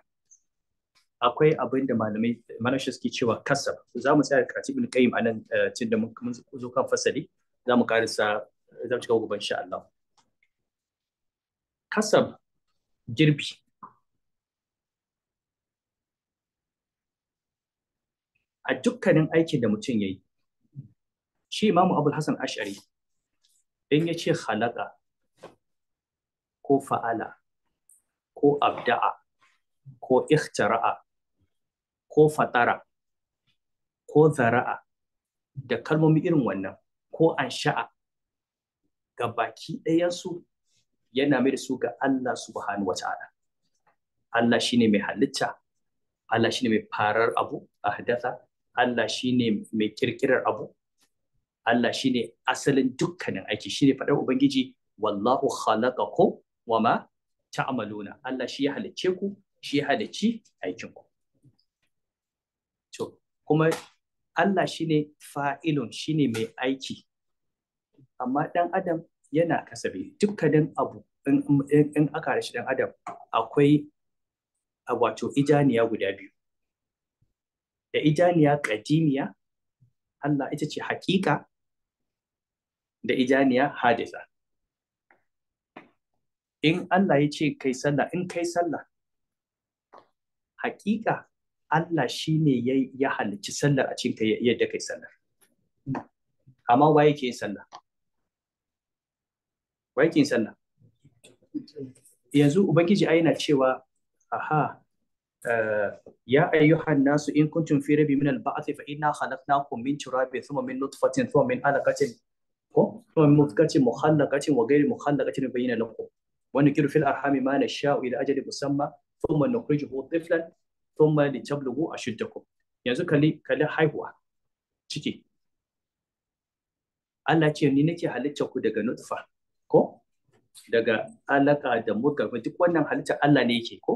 akwai abin da malamai manashi suke cewa kasab za mu tsaya karatu ibn qayyim anan eh, tunda mun zo kan fasali za mu karisa za mu cika gaban insha Allah kasab girbi a dukkanin aikin da mutum ya yi shi imamu abul Hassan ash'ari in ya ce halaka ko fa'ala ko abda'a ko ikhtara'a ko fatara ko zara'a da kalmomi irin wannan ko ansha'a ga baki ɗayansu yana mai da su ga Allah subhanahu wa ta'ala Allah shine mai halitta Allah shine mai farar abu ahdatha Allah shine mai kirkirar abu Allah shine asalin dukkanin aiki shine fadar ubangiji wallahu khalaqakum wama ta'maluna Allah shi ya halicce ku shi ya halicci aikin ku to kuma Allah shine fa'ilun shine mai aiki amma dan adam yana kasabi dukkanin abu in aka rashi dan adam akwai wato ijaniya guda biyu da ijaniya kadimiya Allah ita ce hakika da ijaniya hadisa in Allah ya ce kai sallah in kai sallah hakika Allah shi ne ya halicci sallar a cikin yadda kai sallar amma waye ke sallah wakin sallah yanzu ubangiji ai na cewa aha eh, ya ayyuhan nasu in kuntum fi rabi min al-ba'th fa inna khalaqnakum min turabin thumma min nutfatin thumma min alaqatin ko thumma min mudghati mukhallaqatin wa ghayri mukhallaqatin bayyana lakum wa nukiru fil arhami ma nasha'u ila ajalin musamma thumma nukhrijuhu tiflan thumma litablughu ashuddakum yanzu kalli kalli haihuwa ciki Allah ce ni nake halitta ku daga nutfa ko daga alaka da mudga duk wannan halitta Allah ne yake ko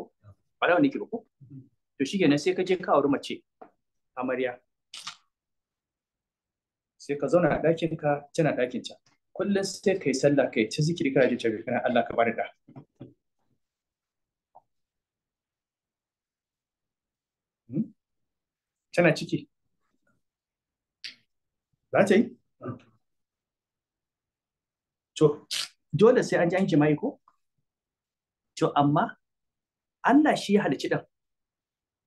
ba ne wani yake ko to shi kenan sai ka je ka auri mace amarya sai ka zauna a ɗakin ka tana ɗakin ta kullum sai kai sallah kai ta zikiri kana ji cewa kana Allah ka bada da hmm? tana ciki za ta yi to dole sai an ji an jima'i ko to amma Allah shi ya halicci dan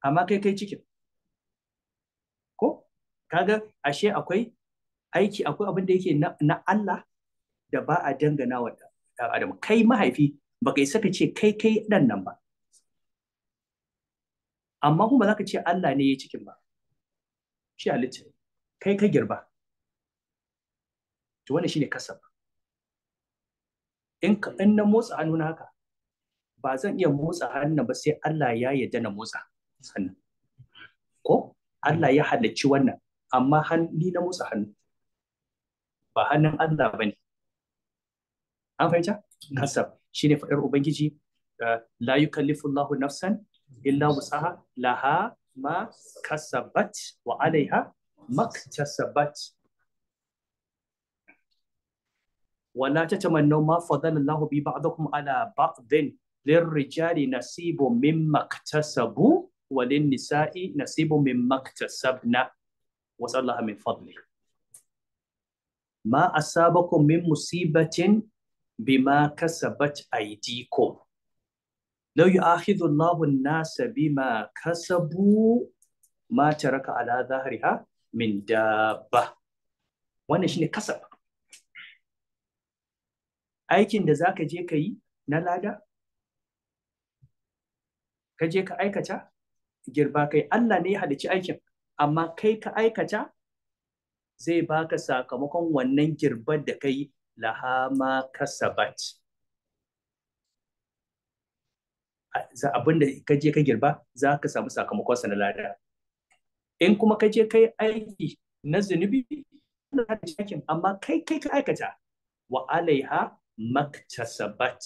amma kai kai cikin ko kaga ashe akwai aiki akwai abin da yake na Allah da ba a dangana wa Adam kai mahaifi ba kai saka ce kai kai dan nan ba amma kuma za ka ce Allah ne ya cikin ba shi halitta kai ka girba to wannan shine kasab in na mm. motsa hannu na haka ba zan iya motsa hannu ba sai Allah ya yarda na motsa hannu ko Allah ya halacci wannan amma ni na motsa hannu ba hannun Allah ba ne an fahimta mm. kasab shine faɗar ubangiji eh, la yukallifullahu nafsan illa wusaha laha ma kasabat wa alaiha maktasabat ولا تتمنوا ما فضل الله به بعضكم على بعض للرجال نصيب مما اكتسبوا وللنساء نصيب مما اكتسبنا وسأل الله من فضله ما أصابكم من مصيبة بما كسبت أيديكم لو يؤاخذ الله الناس بما كسبوا ما ترك على ظهرها من دابة wannan shine kasab aikin da za ka je ka yi na lada ka je ka aikata girba kai Allah ne ya halicci aikin amma kai ka aikata zai baka sakamakon wannan girbar da kai lahama kasabat abin da ka je ka girba za ka samu sakamakon sa na lada in kuma ka je kai aiki na zunubi amma kai kai ka aikata wa alaiha maktasabat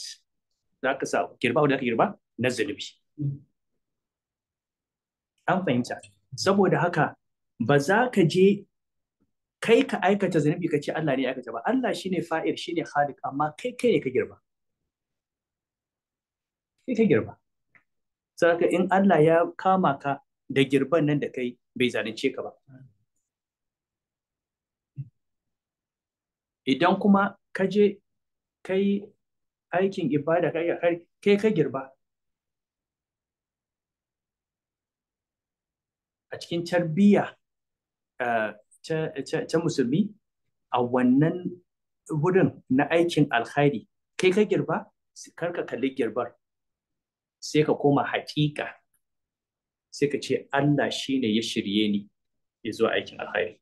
za ka sa girba da ka girba na zunubi an fahimta saboda haka ba za ka je kai ka aikata zunubi ka ce Allah ne ya aikata ba Allah shine fa'ir shine khaliq amma kai kai ne ka girba kai ka girba saka in Allah ya kama ka da girban nan da kai bai zalunce ka ba idan kuma ka je kai aikin ibada kai ka girba a cikin tarbiyya ta musulmi a wannan wurin na aikin alkhairi kai ka girba karka kalli girbar sai ka koma haƙiƙa sai ka ce Allah shi ne ya shirye ni ya zo aikin alkhairi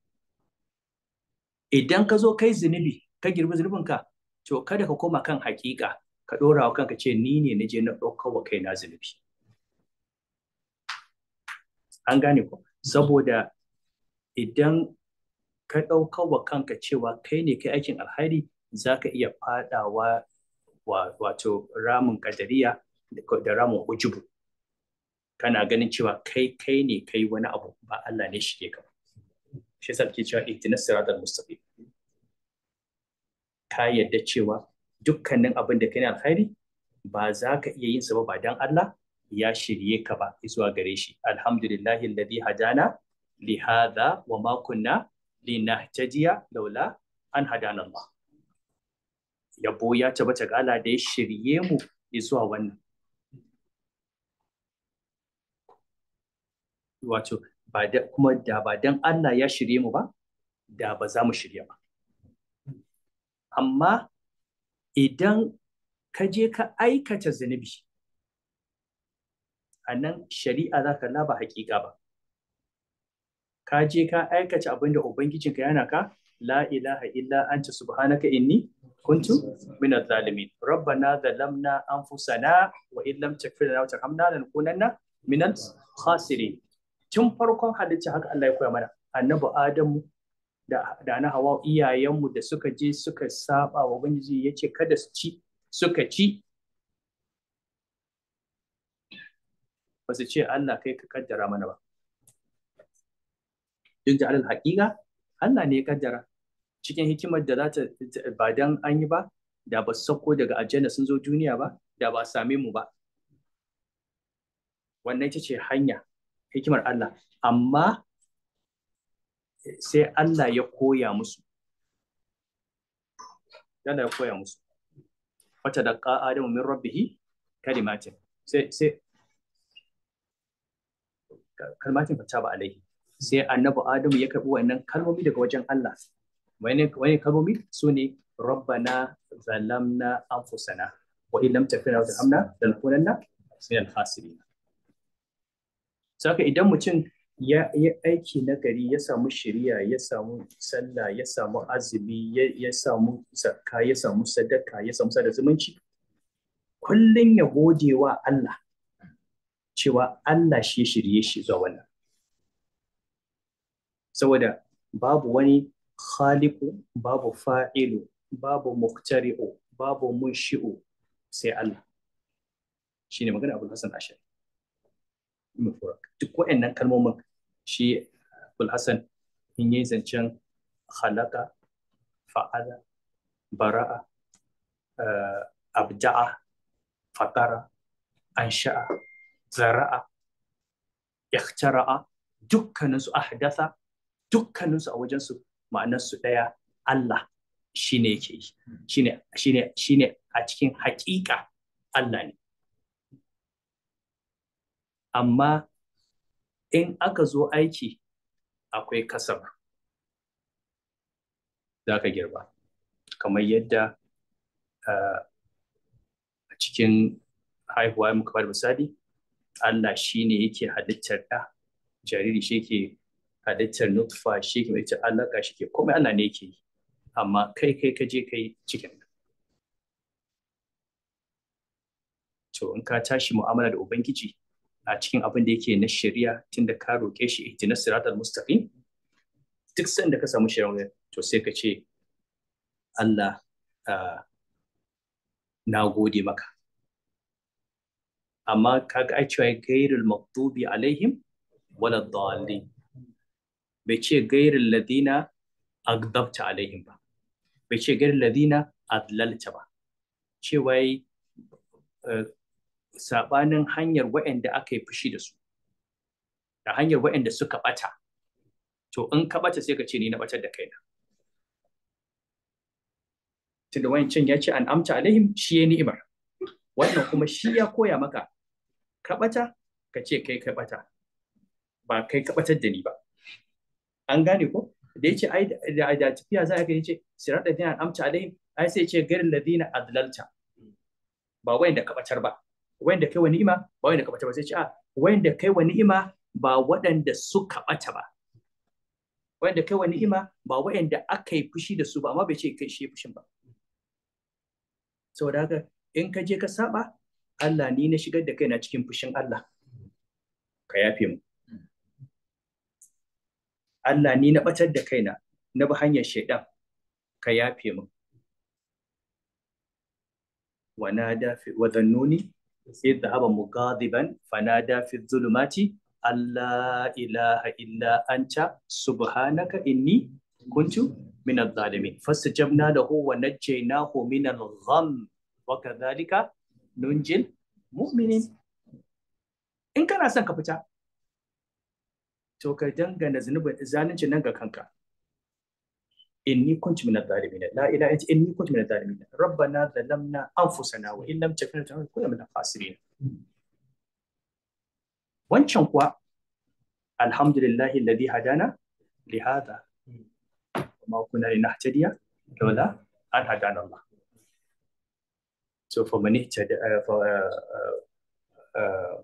idan ka zo kai zunubi ka girbi zunubinka to kada ka koma kan hakika ka dora wa kanka ce ni ne na na ɗaukar wa kaina zunubi an gane ko saboda idan ka ɗaukar wa kanka cewa kai ne kai aikin alhari za ka iya faɗawa wato ramin kadariya da ramin ujubu kana ganin cewa kai kai ne kai wani abu ba Allah ne shi ke ka shi yasa ke cewa ihtinas siratal mustaqim ka yadda cewa dukkanin abin da kai na alkhairi ba za ka iya yin sa ba dan Allah ya shirye ka ba zuwa gare shi alhamdulillahi alladhi hadana li hadha wa ma kunna linahtajiya laula an hadana Allah yabo ya tabbata ga Allah da ya shirye mu zuwa wannan wato kuma da ba dan Allah ya shirye mu ba da ba za mu shirya ba amma idan ka je ka aikata zunubi a nan shari'a za ka laba haƙiƙa ba ka je ka aikata abinda da ubangijinka yana ka la ilaha illa anta subhanaka inni kuntu min adh rabbana zalamna anfusana wa in lam taghfir lana wa tarhamna lanakunanna min al-khasirin tun farkon halitta haka Allah ya koya mana annabi Adamu da na hawa iyayenmu da suka je suka saba wa ubangiji ya ce kada su ci suka ci ba su ce Allah kai ka kaddara mana ba duk da alal haƙiƙa Allah ne ya kaddara cikin hikimar da za ta ba dan an yi ba da ba sako daga aljanna sun zo duniya ba da ba same mu ba wannan ita ce hanya hikimar Allah amma sai Allah ya koya musu Allah ya koya musu wata da adamu min rabbih kalimatin sai sai kalmatin fata ba alaihi sai annabi adamu ya karbi wannan kalmomi daga wajen Allah wani wani kalmomi sune rabbana zalamna anfusana wa in tafina wa hamna lanakunanna min al-khasirin saka idan mutum ya yi aiki na gari ya samu shiriya ya samu sallah ya samu azumi ya samu zakka ya samu sadaka ya samu sada zumunci kullum ya gode wa Allah cewa Allah shi shirye shi zuwa wannan saboda babu wani khaliqu babu fa'ilu babu muktari'u babu munshi'u sai Allah shine magana Abul Hasan Ashari duk waɗannan kalmomin shi Hassan in yi zancen halaka fa'ala bara'a eh, abda'a fatara ansha'a zara'a ikhtara'a dukkaninsu ahdatha dukkaninsu a wajensu ma'anarsu ɗaya Allah shine yake shine shine a cikin haƙiƙa Allah ne amma in aka zo aiki akwai kasar za ka girba kamar yadda eh, a cikin haihuwa muka bada misali Allah shi ne yake halittar ɗa jariri shi ke halittar nutfa shi ke halittar alaƙa shi ke komai Allah ne yake yi amma kai kai ka je kai cikin to in ka tashi mu'amala da ubangiji a cikin abin da yake na shari'a da ka roƙe shi na siratar Mustafi, duk sanda ka samu shari'a to sai ka ce Allah na gode maka amma ka ga cewa gairul maktubi alaihim wala dalli bai ce gairul ladina agdabta alaihim ba bai ce gairul ladina adlalta ba cewa saɓanin hanyar waɗanda aka yi fushi da su da hanyar waɗanda suka ɓata to in ka ɓata sai ka ce ni na ɓatar da kaina tunda wancan ya ce an amta alaihim shi ya ni'imar wannan kuma shi ya koya maka ka ɓata ka ce kai ka ɓata ba kai ka ɓatar da ni ba an gane ko da yace ai da tafiya za ka yace sirat da an amta alaihim ai sai ce garin ladina adlalta ba da ka ɓatar ba wanda kai wa ni'ima ba wanda ka bata ba sai ce a ah, wanda kai wa ni'ima ba waɗanda suka bata ba wanda kai wa ni'ima ba waɗanda aka yi fushi da su ba amma bai ce kai shi fushin ba saboda haka in ka je ka saba Allah ni na shigar da kaina cikin fushin Allah ka yafe mu Allah ni na batar da kaina na bi hanyar shaidan ka yafe mu wa nada fi wa dhannuni sai dhahaba mughadiban fanada fi dhulumati alla ilaha illa anta subhanaka inni kuntu min adh-dhalimin fastajabna lahu wa najjaynahu min al-gham wa kadhalika nunjil mu'minin in kana son ka fita to ka dangana zunubin zalunci nan ga kanka inni kuntu min adh-dhalimin la ilaha illa inni kuntu min adh-dhalimin rabbana zalamna anfusana wa illam taghfir lana kunna min al-khasirin wancan kuwa alhamdulillah alladhi hadana li hadha ma kunna linahtadiya lawla an hadana Allah so for man ihtada uh, for uh, uh, uh,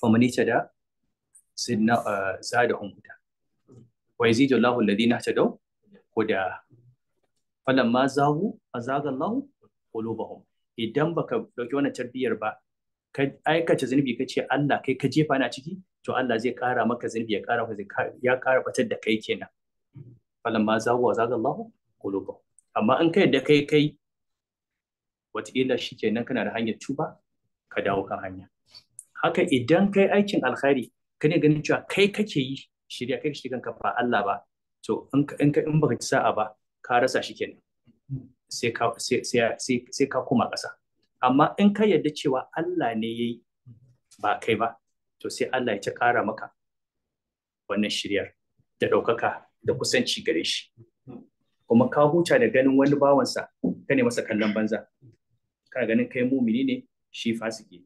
for man ihtada sidna uh, zadahum huda wa yazidu Allahu alladhina ihtadaw huda falamma zahu azaga idan baka dauki wannan tarbiyyar ba ka aikata zunubi ka ce Allah kai ka jefa na ciki to Allah zai kara maka zunubi ya kara ya kara batar da kai kenan falamma zahu azaga Allah amma in kai da kai kai wataƙila shi kenan kana da hanyar tuba ka dawo kan hanya haka idan kai aikin alkhairi ka ne ganin cewa kai kake yi shirya kai shi kanka ba Allah ba to in ka in baka sa'a ba ka rasa shi kenan sai ka sai sai ka koma ƙasa amma in ka yarda cewa Allah ne yayi ba kai ba to sai Allah ya ta kara maka wannan shiryar da ɗaukaka da kusanci gare shi kuma ka huta da ganin wani bawansa ka ne masa kallon banza kana ganin kai mumini ne shi fasiki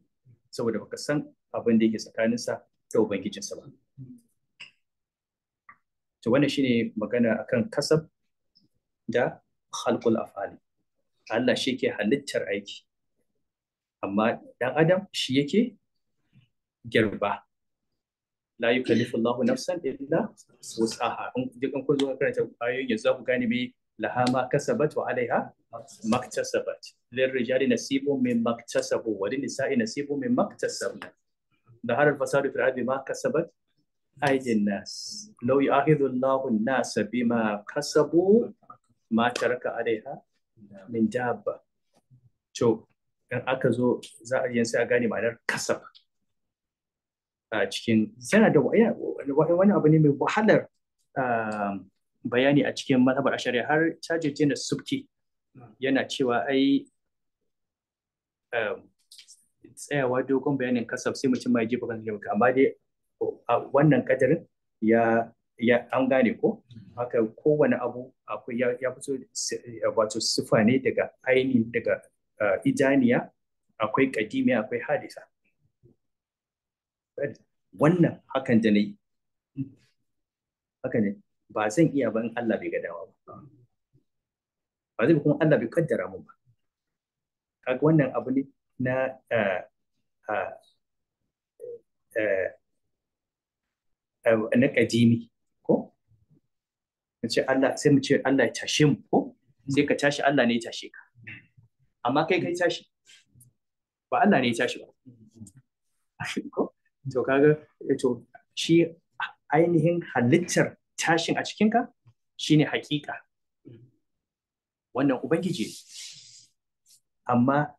saboda baka san abin da yake tsakaninsa da ubangijinsa ba to wannan shine magana akan kasab da khalqul afali Allah shi ke halittar aiki amma dan adam shi yake girba la yukallifu Allahu nafsan illa wus'aha in duk an zo karanta ayoyin yanzu za ku gane me laha ma kasabat wa alaiha maktasabat lil rijali nasibun min maktasabu wa lin nisa'i nasibun min maktasabna da harar fasadu fil ma kasabat aidin nas law yu'akhidhu na an bima kasabu ma taraka alaiha min dabba to in aka zo za a yin sai a gane ma'anar kasab a cikin yana da wani abu ne mai wahalar bayani a cikin mazhabar ashariya har cajirje na subki yana cewa ai tsayawa dogon bayanin kasaf sai mutum ma ya jefa kan amma dai wannan kadarin ya ya an gane ko mm-hmm. haka kowane abu akwai ya fito wato sifa ne daga aini daga idaniya akwai kadimi akwai hadisa wannan hakan da na yi haka ne ba zan iya ban Allah bai gadawa ba ba zai kuma Allah bai kaddara mu ba kaga wannan abu ne na Eh, na ƙadimi ko ce Allah sai mu ce Allah ya tashe mu ko sai ka tashi Allah ne ya tashe ka amma kai kai tashi ba Allah ne ya tashi ba ko to kaga eh, to shi ainihin halittar tashin a cikinka shine hakika wannan ubangiji amma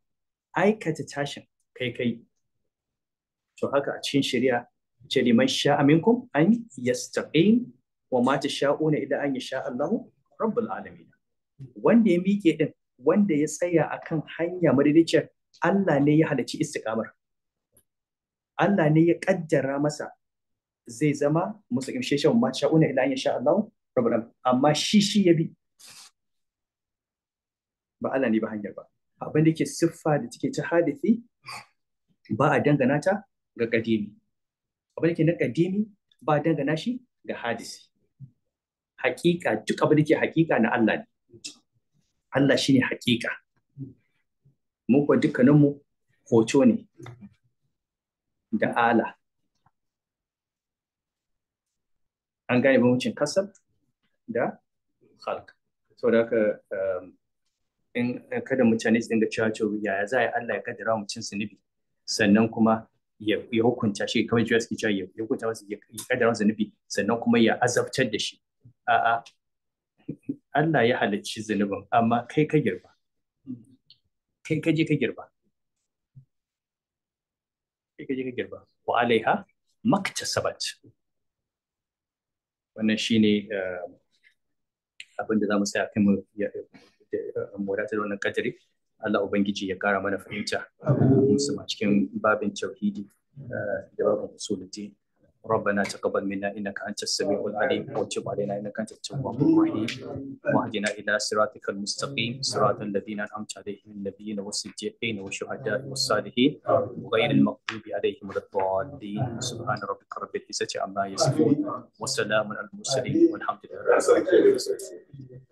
aikata tashin kai kai to haka a cikin shari'a ce liman sha'a minkum an yastaqim wa ma tasha'una idan an yasha Allahu rabbul alamin wanda ya miƙe din wanda ya tsaya akan hanya madadiciyar Allah ne ya halacci istiqamar Allah ne ya kaddara masa zai zama musu imsheshen ma sha'una idan an yasha Allah rabbul alamin amma shi shi ya bi ba Allah ne ba hanyar ba abin da ke siffa da take ta hadisi ba a dangana ta ga kadimi abin da ke na kadimi ba dangana shi ga hadisi hakika duk abin da ke hakika na Allah ne Allah ne hakika mu ko dukkanin mu hoto ne da ala an gane bambancin kasab da halk da haka um, in kada mutane su dinga cewa yaya za a yi Allah ya kaddara mutum zunubi sannan kuma ya hukunta shi kamar jiya suke cewa ya hukunta wasu ya wasu zunubi sannan kuma ya azabtar da shi a'a Allah ya halicci zunubin amma kai ka girba kai ka je ka girba kai ka je ka girba wa alaiha maktasabat wannan shine eh, abin da mu tsaya kai mu mu da wannan kadari Allah Ubangiji ya kara mana fahimta musamman cikin babin tauhidi da babin usulati ربنا تقبل منا انك انت السميع العليم وتب علينا انك انت التواب الرحيم واهدنا الى صراطك المستقيم صراط الذين انعمت عليهم من النبيين والصديقين والشهداء والصالحين غير المغضوب عليهم ولا الضالين سبحان ربك رب العزه عما يصفون وسلام على المرسلين والحمد لله رب العالمين